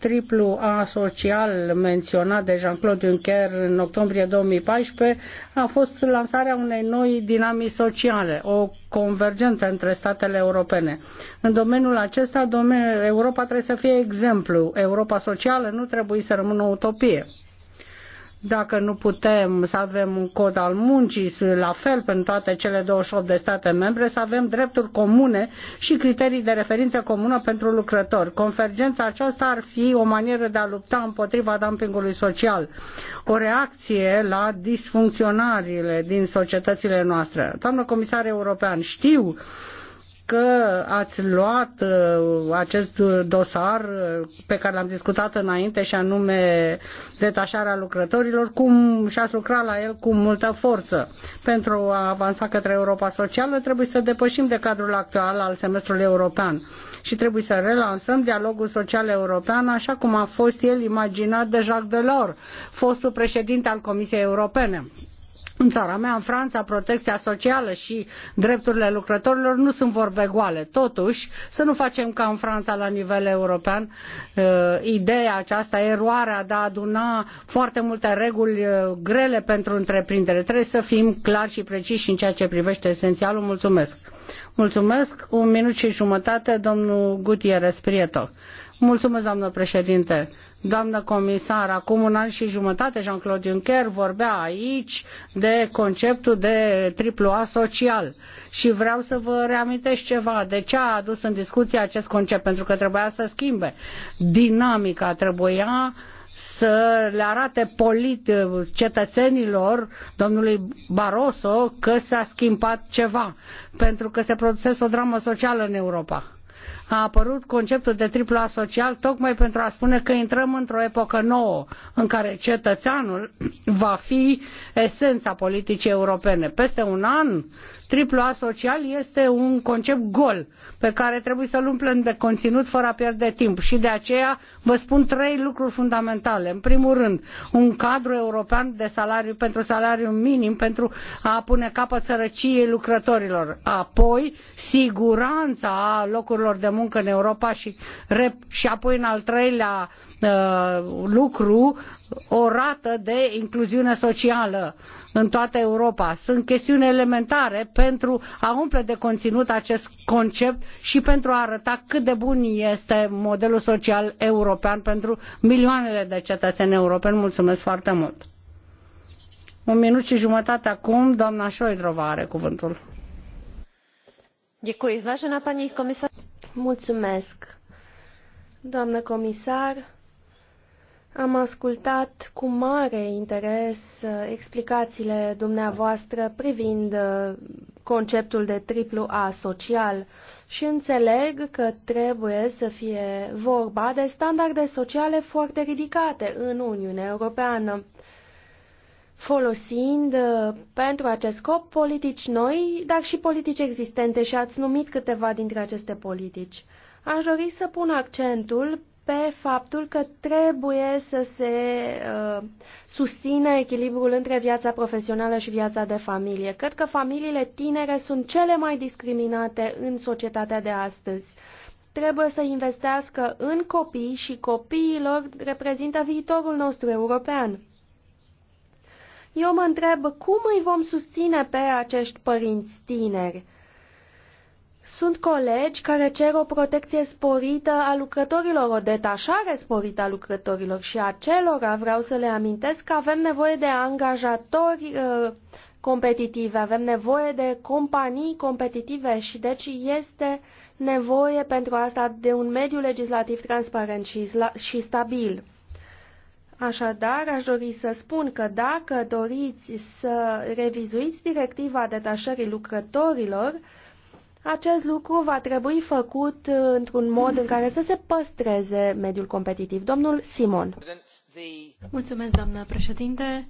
[SPEAKER 5] triplu A social menționat de Jean-Claude Juncker în octombrie 2014 a fost lansarea unei noi dinamici sociale, o convergență între statele europene. În domeniul acesta, Europa trebuie să fie exemplu. Europa socială nu trebuie să rămână o utopie dacă nu putem să avem un cod al muncii la fel pentru toate cele 28 de state membre, să avem drepturi comune și criterii de referință comună pentru lucrători. Convergența aceasta ar fi o manieră de a lupta împotriva dumpingului social, o reacție la disfuncționariile din societățile noastre. Doamnă comisar european, știu că ați luat uh, acest dosar uh, pe care l-am discutat înainte și anume detașarea lucrătorilor, cum și-ați lucrat la el cu multă forță. Pentru a avansa către Europa Socială trebuie să depășim de cadrul actual al semestrului european și trebuie să relansăm dialogul social european așa cum a fost el imaginat de Jacques Delors, fostul președinte al Comisiei Europene. În țara mea, în Franța, protecția socială și drepturile lucrătorilor nu sunt vorbe goale. Totuși, să nu facem ca în Franța la nivel european uh, ideea aceasta, eroarea de a aduna foarte multe reguli uh, grele pentru întreprindere. Trebuie să fim clari și preciși în ceea ce privește esențialul. Mulțumesc! Mulțumesc! Un minut și jumătate, domnul Gutierrez Prieto. Mulțumesc, doamnă președinte! Doamnă comisar, acum un an și jumătate Jean-Claude Juncker vorbea aici de conceptul de triplu A social și vreau să vă reamintesc ceva. De ce a adus în discuție acest concept? Pentru că trebuia să schimbe. Dinamica trebuia să le arate polit cetățenilor domnului Barroso că s-a schimbat ceva, pentru că se produsese o dramă socială în Europa a apărut conceptul de triplu A social tocmai pentru a spune că intrăm într-o epocă nouă în care cetățeanul va fi esența politicii europene. Peste un an, triplu A social este un concept gol pe care trebuie să-l umplem de conținut fără a pierde timp și de aceea vă spun trei lucruri fundamentale. În primul rând, un cadru european de salariu pentru salariu minim pentru a pune capăt sărăciei lucrătorilor. Apoi, siguranța locurilor de muncă muncă în Europa și, și apoi în al treilea uh, lucru o rată de incluziune socială în toată Europa. Sunt chestiuni elementare pentru a umple de conținut acest concept și pentru a arăta cât de bun este modelul social european pentru milioanele de cetățeni europeni. Mulțumesc foarte mult! Un minut și jumătate acum, doamna Șoidrova are cuvântul.
[SPEAKER 1] Děkuji. Vážená paní komisař. Mulțumesc. Doamnă comisar, am ascultat cu mare interes uh, explicațiile dumneavoastră privind uh, conceptul de triplu A social și înțeleg că trebuie să fie vorba de standarde sociale foarte ridicate în Uniunea Europeană folosind uh, pentru acest scop politici noi, dar și politici existente și ați numit câteva dintre aceste politici. Aș dori să pun accentul pe faptul că trebuie să se uh, susțină echilibrul între viața profesională și viața de familie. Cred că familiile tinere sunt cele mai discriminate în societatea de astăzi. Trebuie să investească în copii și copiilor reprezintă viitorul nostru european. Eu mă întreb cum îi vom susține pe acești părinți tineri. Sunt colegi care cer o protecție sporită a lucrătorilor, o detașare sporită a lucrătorilor și acelora vreau să le amintesc că avem nevoie de angajatori uh, competitive, avem nevoie de companii competitive și deci este nevoie pentru asta de un mediu legislativ transparent și, și stabil. Așadar, aș dori să spun că dacă doriți să revizuiți directiva detașării lucrătorilor, acest lucru va trebui făcut într-un mod în care să se păstreze mediul competitiv. Domnul Simon.
[SPEAKER 4] Mulțumesc, doamnă președinte.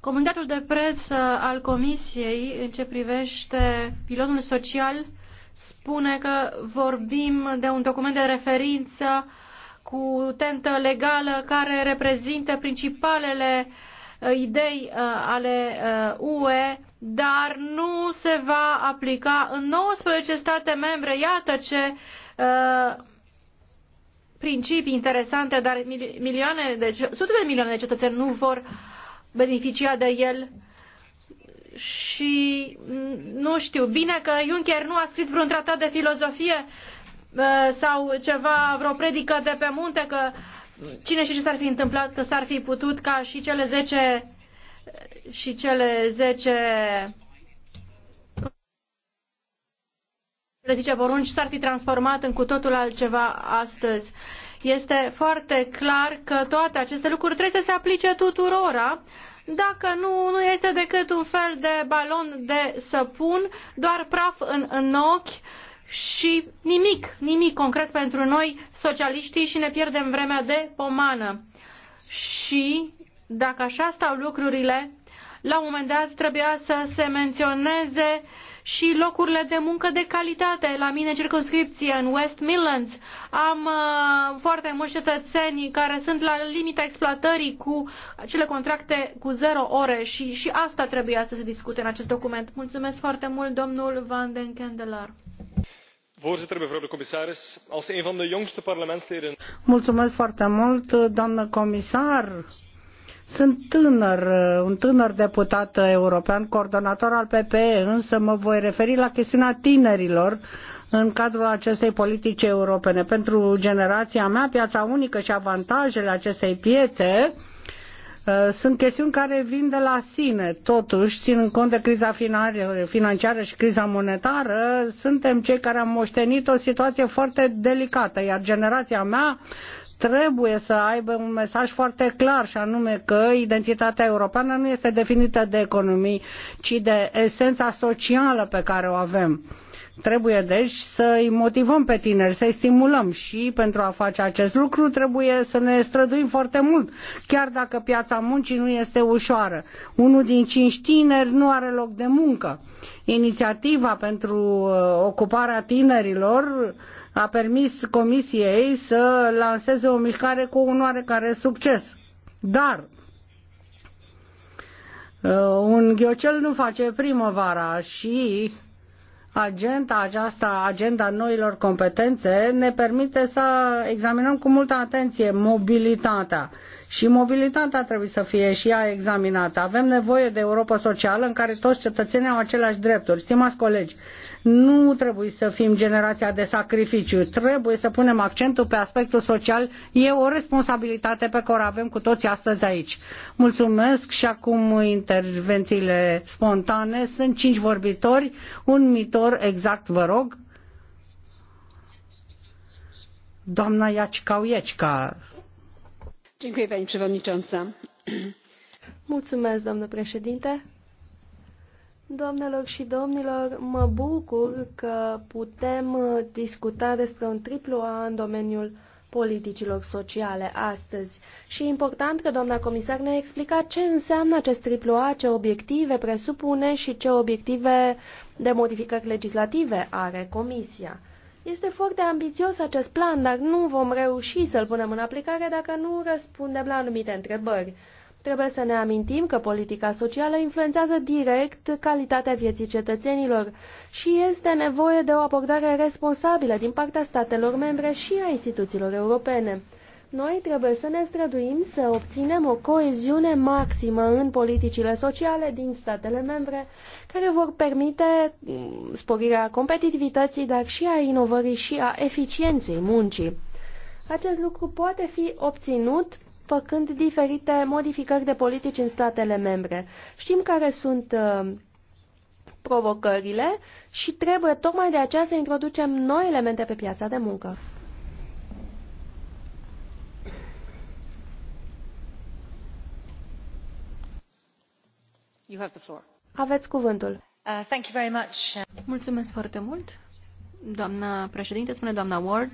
[SPEAKER 4] Comunicatul de preț al Comisiei în ce privește pilonul social spune că vorbim de un document de referință uh, cu tentă legală care reprezintă principalele uh, idei uh, ale UE, uh, dar nu se va aplica în 19 state membre. Iată ce principii interesante, dar milioane de, sute de milioane de cetățeni nu vor beneficia de el și nu știu, bine că Juncker nu a scris vreun tratat de filozofie uh, Uh, sau ceva, vreo predică de pe munte că cine știe ce s-ar fi întâmplat, că s-ar fi putut ca și cele zece și cele zece le zice porunci s-ar fi transformat în cu totul altceva astăzi. Este foarte clar că toate aceste lucruri trebuie să se aplice tuturora, dacă nu, nu este decât un fel de balon de săpun, doar praf în, în ochi și nimic, nimic concret pentru noi, socialiștii, și ne pierdem vremea de pomană. Și dacă așa stau lucrurile, la un moment dat trebuia să se menționeze și locurile de muncă de calitate. La mine, circunscripție, în West Midlands, am uh, foarte mulți cetățeni care sunt la limita exploatării cu acele contracte cu zero ore și, și asta trebuia să se discute în acest document. Mulțumesc foarte mult, domnul Van den Kendelar voorzitter mevrouw de commissaris als een van de jongste parlementsleden.
[SPEAKER 5] mulțumesc foarte mult doamnă comisar. Sunt tânăr, un tânăr deputat european, coordonator al PPE, însă mă voi referi la chestiunea tinerilor în cadrul acestei politici europene. Pentru generația mea, piața unică și avantajele acestei piețe Uh, sunt chestiuni care vin de la sine. Totuși, ținând cont de criza financiară și criza monetară, suntem cei care am moștenit o situație foarte delicată, iar generația mea trebuie să aibă un mesaj foarte clar și anume că identitatea europeană nu este definită de economii, ci de esența socială pe care o avem Trebuie deci să îi motivăm pe tineri, să-i stimulăm și pentru a face acest lucru trebuie să ne străduim foarte mult, chiar dacă piața muncii nu este ușoară. Unul din cinci tineri nu are loc de muncă. Inițiativa pentru uh, ocuparea tinerilor a permis Comisiei să lanseze o mișcare cu un oarecare succes. Dar uh, un ghiocel nu face primăvara și agenda aceasta, agenda noilor competențe, ne permite să examinăm cu multă atenție mobilitatea și mobilitatea trebuie să fie și ea examinată. Avem nevoie de Europa socială în care toți cetățenii au aceleași drepturi. Stimați colegi, nu trebuie să fim generația de sacrificiu, trebuie să punem accentul pe aspectul social. E o responsabilitate pe care o avem cu toți astăzi aici. Mulțumesc și acum intervențiile spontane. Sunt cinci vorbitori, un mitor exact, vă rog. Doamna Iacica Uiecica
[SPEAKER 1] pani przewodnicząca! doamnă președinte. Doamnelor și domnilor, mă bucur că putem discuta despre un triplu A în domeniul politicilor sociale astăzi. Și e important că doamna comisar ne-a explicat ce înseamnă acest triplu A, ce obiective presupune și ce obiective de modificări legislative are Comisia. Este foarte ambițios acest plan, dar nu vom reuși să-l punem în aplicare dacă nu răspundem la anumite întrebări. Trebuie să ne amintim că politica socială influențează direct calitatea vieții cetățenilor și este nevoie de o abordare responsabilă din partea statelor membre și a instituțiilor europene. Noi trebuie să ne străduim să obținem o coeziune maximă în politicile sociale din statele membre, care vor permite mm, sporirea competitivității, dar și a inovării și a eficienței muncii. Acest lucru poate fi obținut făcând diferite modificări de politici în statele membre. Știm care sunt uh, provocările și trebuie tocmai de aceea să introducem noi elemente pe piața de muncă.
[SPEAKER 4] Aveți cuvântul. Uh, Mulțumesc foarte mult, doamna președinte, spune doamna Ward.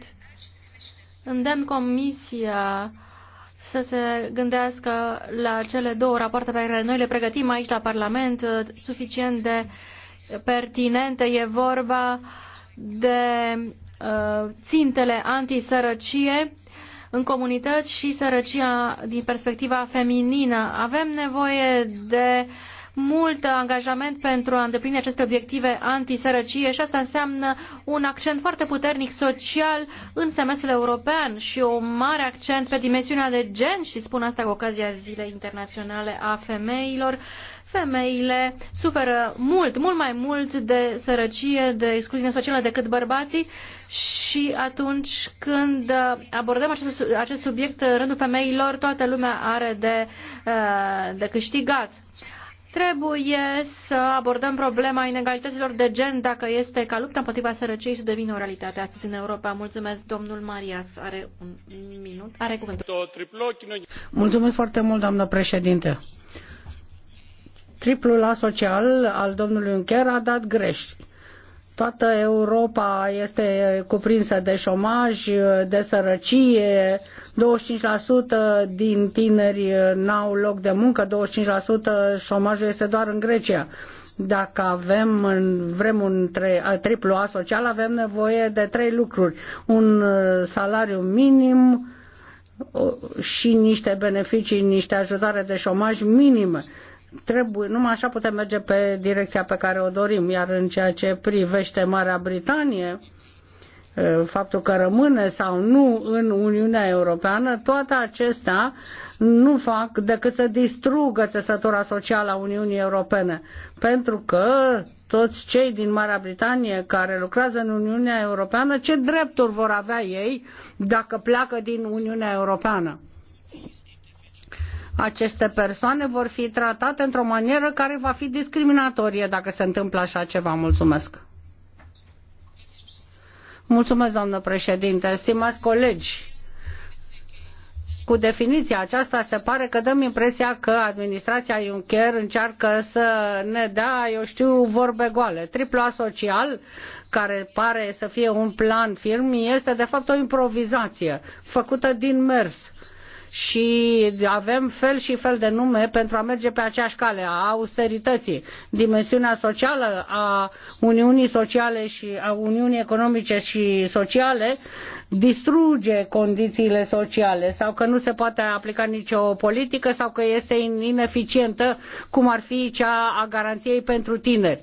[SPEAKER 4] Îndemn Comisia să se gândească la cele două rapoarte pe care noi le pregătim aici la Parlament, uh, suficient de pertinente. E vorba de uh, țintele antisărăcie în comunități și sărăcia din perspectiva feminină. Avem nevoie de uh, mult angajament pentru a îndeplini aceste obiective antisărăcie și asta înseamnă un accent foarte puternic social în semestrul european și un mare accent pe dimensiunea de gen și spun asta cu ocazia Zilei Internaționale a Femeilor. Femeile suferă mult, mult mai mult de sărăcie, de excluziune socială decât bărbații și atunci când abordăm acest, acest subiect în rândul femeilor, toată lumea are de, uh, de câștigat. Trebuie să abordăm problema inegalităților de gen dacă este ca lupta împotriva sărăciei să devină o realitate astăzi în Europa. Mulțumesc, domnul Marias. Are un minut, are cuvântul.
[SPEAKER 5] Mulțumesc foarte mult, doamnă președinte. Triplul A social al domnului Juncker a dat greș. Toată Europa este cuprinsă de șomaj, de sărăcie, 25% din tineri n-au loc de muncă, 25% șomajul este doar în Grecia. Dacă avem vrem un triplu A social, avem nevoie de trei lucruri. Un uh, salariu minim, uh, și niște beneficii, niște ajutare de șomaj minime. Trebuie, numai așa putem merge pe direcția pe care o dorim, iar în ceea ce privește Marea Britanie, faptul că rămâne sau nu în Uniunea Europeană, toate acestea nu fac decât să distrugă țesătura socială a Uniunii Europene, pentru că toți cei din Marea Britanie care lucrează în Uniunea Europeană, ce drepturi vor avea ei dacă pleacă din Uniunea Europeană? aceste persoane vor fi tratate într-o manieră care va fi discriminatorie dacă se întâmplă așa ceva. Mulțumesc! Mulțumesc, doamnă președinte. Stimați colegi, cu definiția aceasta se pare că dăm impresia că administrația Juncker încearcă să ne dea, eu știu, vorbe goale. Tripla social, care pare să fie un plan firm, este de fapt o improvizație făcută din mers. Uh, și avem fel și fel de nume pentru a merge pe aceeași cale a austerității. Dimensiunea socială a Uniunii Sociale și a Uniunii Economice și Sociale distruge condițiile sociale sau că nu se poate aplica nicio politică sau că este ineficientă, cum ar fi cea a garanției pentru tineri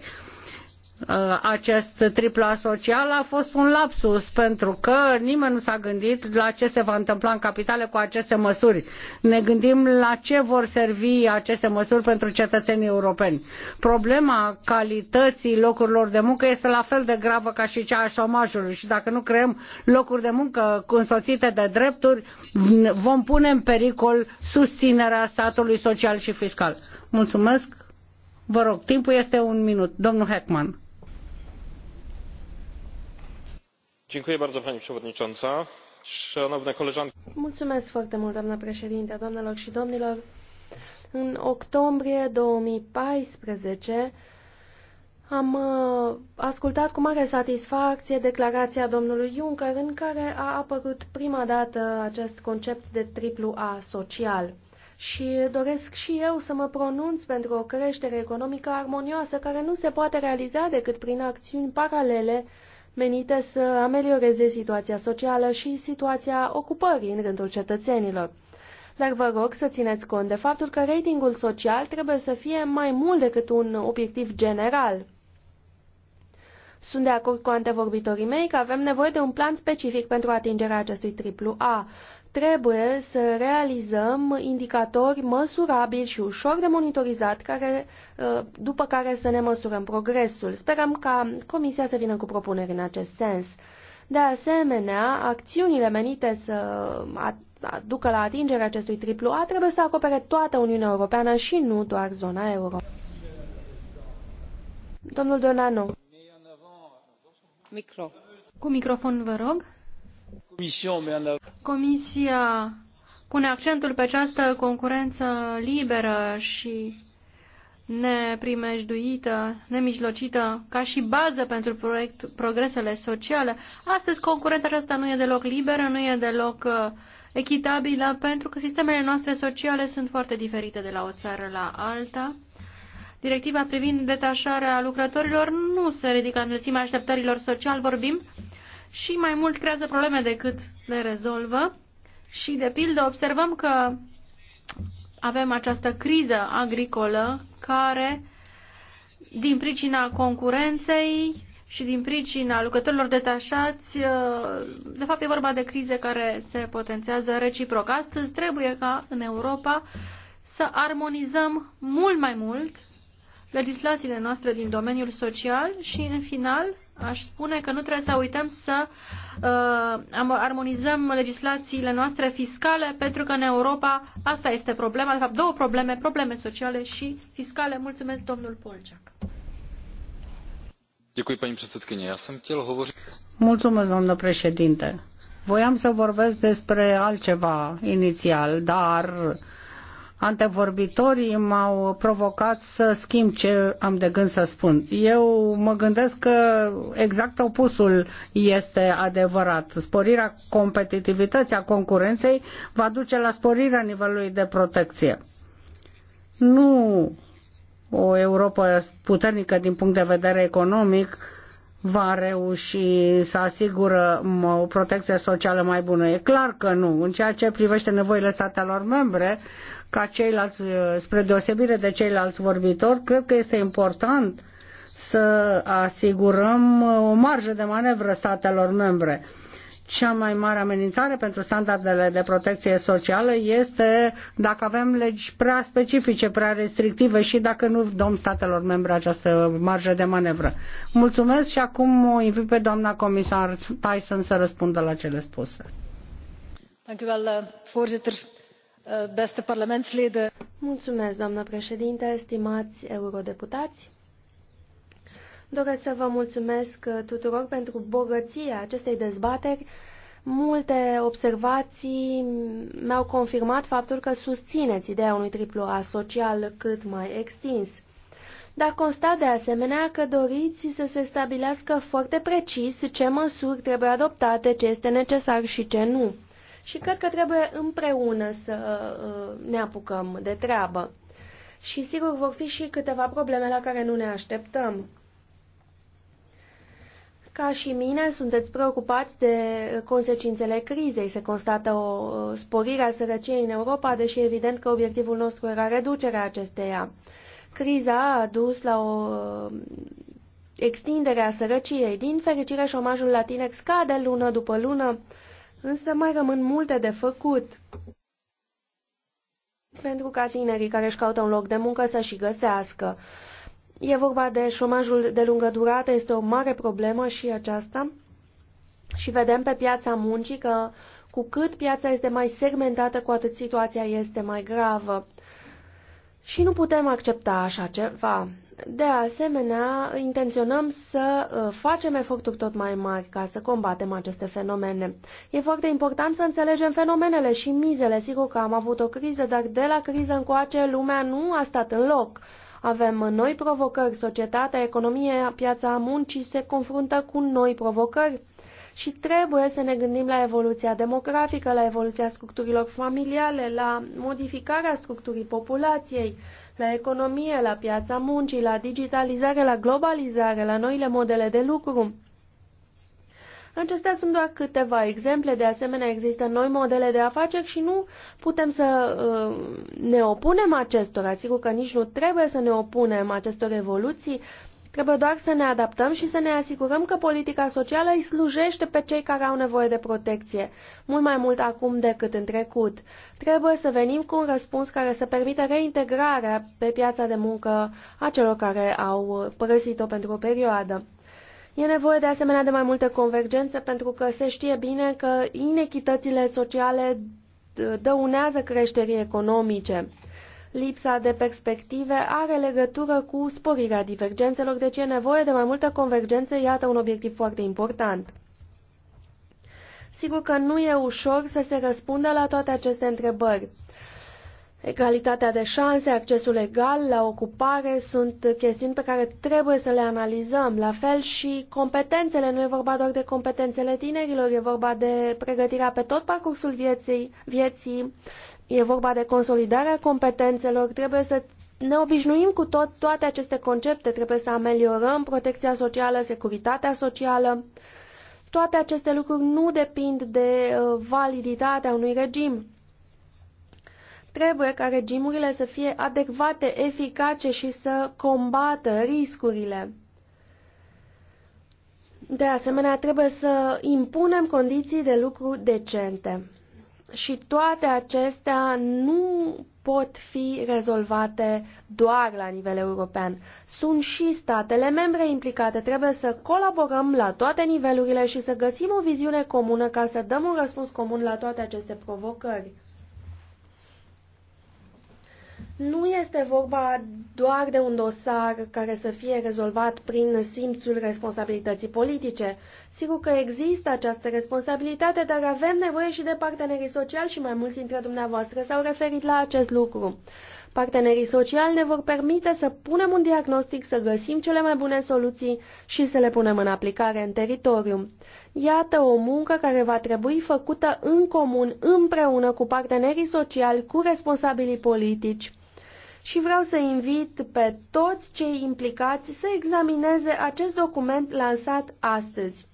[SPEAKER 5] Uh, acest triplu social a fost un lapsus pentru că nimeni nu s-a gândit la ce se va întâmpla în capitale cu aceste măsuri. Ne gândim la ce vor servi aceste măsuri pentru cetățenii europeni. Problema calității locurilor de muncă este la fel de gravă ca și cea a șomajului și dacă nu creăm locuri de muncă însoțite de drepturi, vom pune în pericol susținerea statului social și fiscal. Mulțumesc! Vă rog, timpul este un minut. Domnul Heckman.
[SPEAKER 1] Mulțumesc foarte mult, doamnă președinte, doamnelor și domnilor. În octombrie 2014 am uh, ascultat cu mare satisfacție declarația domnului Juncker în care a apărut prima dată acest concept de triplu A social. Și doresc și eu să mă pronunț pentru o creștere economică armonioasă care nu se poate realiza decât prin acțiuni paralele uh, menite să amelioreze situația socială și situația ocupării în rândul cetățenilor. Dar vă rog să țineți cont de faptul că ratingul social trebuie să fie mai mult decât un obiectiv general. Sunt de acord cu antevorbitorii mei că avem nevoie de un plan specific pentru atingerea acestui triplu A. Trebuie să realizăm indicatori măsurabili și ușor de monitorizat, care, uh, după care să ne măsurăm progresul. Sperăm ca Comisia să vină cu propuneri în acest sens. De asemenea, acțiunile menite să ducă la atingerea acestui triplu A trebuie să acopere toată Uniunea Europeană și nu doar zona euro. Domnul Donano.
[SPEAKER 2] Micro.
[SPEAKER 4] Cu microfon, vă rog. Comisia pune accentul pe această concurență liberă și neprimejduită, nemijlocită, ca și bază pentru proiect, progresele sociale. Astăzi concurența aceasta nu e deloc liberă, nu e deloc uh, echitabilă, pentru că sistemele noastre sociale sunt foarte diferite de la o țară la alta. Directiva privind detașarea lucrătorilor nu se ridică în înălțimea așteptărilor sociale vorbim și mai mult creează probleme decât le rezolvă. Și, de pildă, observăm că avem această criză agricolă care, din pricina concurenței și din pricina lucrătorilor detașați, uh, de fapt e vorba de crize care se potențează reciproc. Astăzi trebuie ca în Europa să armonizăm mult mai mult legislațiile noastre din domeniul social și, în final, aș spune că nu trebuie să uităm să uh, armonizăm legislațiile noastre fiscale, pentru că în Europa asta este problema, de fapt două probleme, probleme sociale și fiscale. Mulțumesc, domnul Polceac.
[SPEAKER 5] Mulțumesc, domnule președinte. Voiam să vorbesc despre altceva inițial, dar antevorbitorii m-au provocat să schimb ce am de gând să spun. Eu mă gândesc că exact opusul este adevărat. Sporirea competitivității, a concurenței, va duce la sporirea nivelului de protecție. Nu o Europa puternică din punct de vedere economic va reuși să asigură o protecție socială mai bună. E clar că nu. În ceea ce privește nevoile statelor membre, ca ceilalți, uh, spre deosebire de ceilalți vorbitori, cred că este important să asigurăm uh, o marjă de manevră statelor membre. Cea mai mare amenințare pentru standardele de protecție socială este dacă avem legi prea specifice, prea restrictive și dacă nu dăm statelor membre această marjă de manevră. Mulțumesc și acum o invit pe doamna comisar Tyson să răspundă la cele spuse.
[SPEAKER 1] Mulțumesc, Eh, mulțumesc, doamnă președinte, stimați eurodeputați. Doresc să vă mulțumesc eh, tuturor pentru bogăția acestei dezbateri. Multe observații mi-au confirmat faptul că susțineți ideea unui triplu A social cât mai extins. Dar constat de asemenea că doriți să se stabilească foarte precis ce măsuri trebuie adoptate, ce este necesar și ce nu și cred că trebuie împreună să uh, ne apucăm de treabă. Și sigur vor fi și câteva probleme la care nu ne așteptăm. Ca și mine, sunteți preocupați de consecințele crizei. Se constată o uh, sporire a sărăciei în Europa, deși evident că obiectivul nostru era reducerea acesteia. Criza a dus la o uh, extindere a sărăciei. Din fericire, șomajul la tineri scade lună după lună Însă mai rămân multe de făcut. Pentru ca tinerii care își caută un loc de muncă să și găsească. E vorba de șomajul de lungă durată, este o mare problemă și aceasta. Și vedem pe piața muncii că cu cât piața este mai segmentată, cu atât situația este mai gravă. Și nu putem accepta așa ceva. De asemenea, intenționăm să uh, facem eforturi tot mai mari ca să combatem aceste fenomene. E foarte important să înțelegem fenomenele și mizele. Sigur că am avut o criză, dar de la criză încoace lumea nu a stat în loc. Avem noi provocări, societatea, economia, piața muncii se confruntă cu noi provocări și trebuie să ne gândim la evoluția demografică, la evoluția structurilor familiale, la modificarea structurii populației, la economie, la piața muncii, la digitalizare, la globalizare, la noile modele de lucru. Acestea sunt doar câteva exemple, de asemenea există noi modele de afaceri și nu putem să uh, ne opunem acestora. Sigur că nici nu trebuie să ne opunem acestor evoluții, Trebuie doar să ne adaptăm și să ne asigurăm că politica socială îi slujește pe cei care au nevoie de protecție, mult mai mult acum decât în trecut. Trebuie să venim cu un răspuns care să permită reintegrarea pe piața de muncă a celor care au părăsit-o pentru o perioadă. E nevoie de asemenea de mai multă convergență pentru că se știe bine că inechitățile sociale dăunează creșterii economice. Lipsa de perspective are legătură cu sporirea divergențelor, deci e nevoie de mai multă convergență, iată un obiectiv foarte important. Sigur că nu e ușor să se răspundă la toate aceste întrebări. Egalitatea de șanse, accesul egal la ocupare sunt chestiuni pe care trebuie să le analizăm. La fel și competențele, nu e vorba doar de competențele tinerilor, e vorba de pregătirea pe tot parcursul vieții, vieții E vorba de consolidarea competențelor, trebuie să ne obișnuim cu tot, toate aceste concepte, trebuie să ameliorăm protecția socială, securitatea socială. Toate aceste lucruri nu depind de uh, validitatea unui regim. Trebuie ca regimurile să fie adecvate, eficace și să combată riscurile. De asemenea, trebuie să impunem condiții de lucru decente. Și toate acestea nu pot fi rezolvate doar la nivel european. Sunt și statele membre implicate. Trebuie să colaborăm la toate nivelurile și să găsim o viziune comună ca să dăm un răspuns comun la toate aceste provocări. Nu este vorba doar de un dosar care să fie rezolvat prin simțul responsabilității politice. Sigur că există această responsabilitate, dar avem nevoie și de partenerii sociali și mai mulți dintre dumneavoastră s-au referit la acest lucru. Partenerii sociali ne vor permite să punem un diagnostic, să găsim cele mai bune soluții și să le punem în aplicare în teritoriu. Iată o muncă care va trebui făcută în comun, împreună cu partenerii sociali, cu responsabilii politici și vreau să invit pe toți cei implicați să examineze acest document lansat astăzi.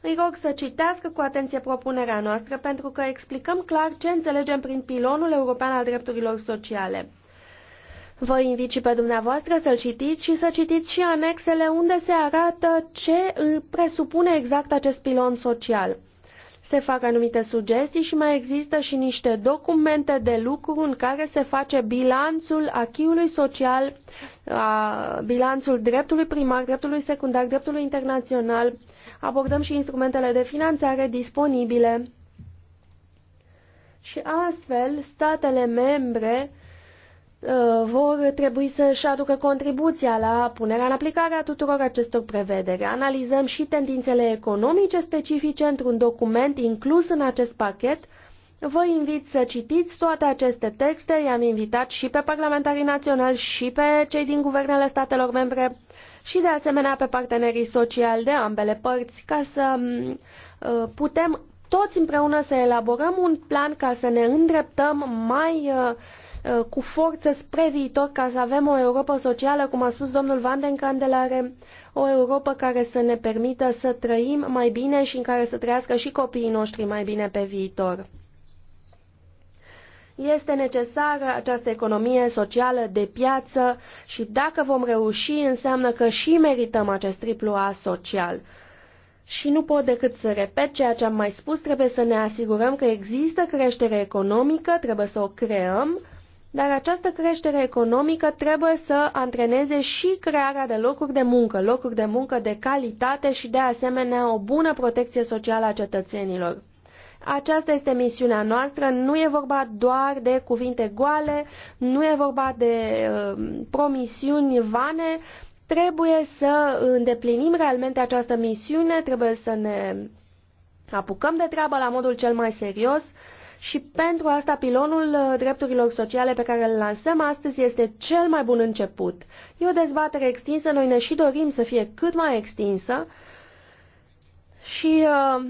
[SPEAKER 1] Îi rog să citească cu atenție propunerea noastră pentru că explicăm clar ce înțelegem prin pilonul european al drepturilor sociale. Vă invit și pe dumneavoastră să-l citiți și să citiți și anexele unde se arată ce presupune exact acest pilon social se fac anumite sugestii și mai există și niște documente de lucru în care se face bilanțul achiului social, a, bilanțul dreptului primar, dreptului secundar, dreptului internațional. Abordăm și instrumentele de finanțare disponibile. Și astfel, statele membre Uh, vor trebui să-și aducă contribuția la punerea în aplicare a tuturor acestor prevederi. Analizăm și tendințele economice specifice într-un document inclus în acest pachet. Vă invit să citiți toate aceste texte, i-am invitat și pe parlamentarii naționali și pe cei din guvernele statelor membre și de asemenea pe partenerii sociali de ambele părți ca să mm, uh, putem toți împreună să elaborăm un plan ca să ne îndreptăm mai uh, Uh, cu forță spre viitor ca să avem o Europa socială, cum a spus domnul Van den Candelare, o Europa care să ne permită să trăim mai bine și în care să trăiască și copiii noștri mai bine pe viitor. Este necesară această economie socială de piață și dacă vom reuși, înseamnă că și merităm acest triplu A social. Și nu pot decât să repet ceea ce am mai spus, trebuie să ne asigurăm că există creștere economică, trebuie să o creăm dar această creștere economică trebuie să antreneze și crearea de locuri de muncă, locuri de muncă de calitate și de asemenea o bună protecție socială a cetățenilor. Aceasta este misiunea noastră, nu e vorba doar de cuvinte goale, nu e vorba de uh, promisiuni vane, trebuie să îndeplinim realmente această misiune, trebuie să ne apucăm de treabă la modul cel mai serios uh, și pentru asta pilonul uh, drepturilor sociale pe care îl lansăm astăzi este cel mai bun început. E o dezbatere extinsă, noi ne și dorim să fie cât mai extinsă și uh,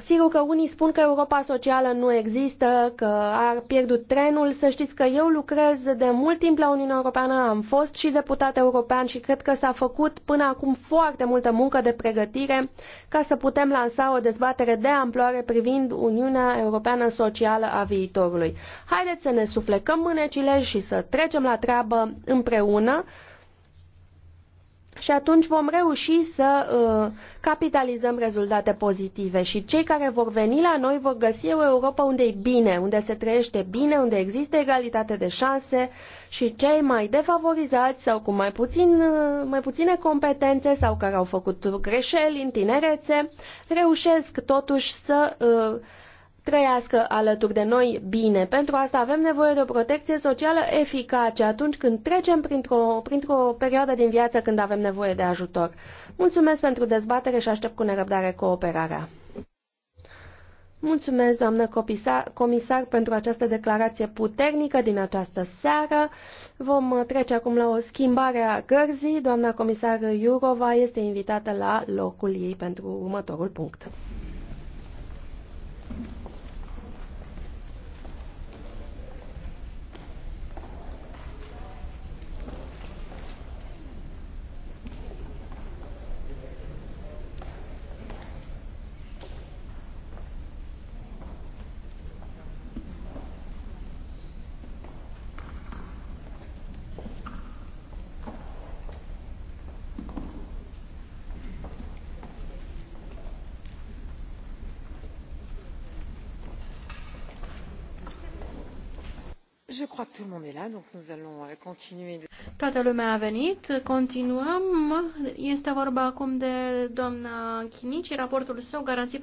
[SPEAKER 1] Sigur că unii spun că Europa socială nu există, că a pierdut trenul. Să știți că eu lucrez de mult timp la Uniunea Europeană, am fost și deputat european și cred că s-a făcut până acum foarte multă muncă de pregătire ca să putem lansa o dezbatere de amploare privind Uniunea Europeană Socială a viitorului. Haideți să ne suflecăm mânecile și să trecem la treabă împreună și atunci vom reuși să uh, capitalizăm rezultate pozitive și cei care vor veni la noi vor găsi o Europa unde e bine, unde se trăiește bine, unde există egalitate de șanse și cei mai defavorizați sau cu mai, puțin, uh, mai puține competențe sau care au făcut greșeli în tinerețe reușesc totuși să uh, trăiască alături de noi bine. Pentru asta avem nevoie de o protecție socială eficace atunci când trecem printr-o, printr-o perioadă din viață când avem nevoie de ajutor. Mulțumesc pentru dezbatere și aștept cu nerăbdare cooperarea. Mulțumesc, doamnă comisar, comisar, pentru această declarație puternică din această seară. Vom trece acum la o schimbare a gărzii. Doamna comisar Iurova este invitată la locul ei pentru următorul punct.
[SPEAKER 4] Toată lumea a venit, continuăm. Este vorba acum de doamna Chinici, raportul său, garanții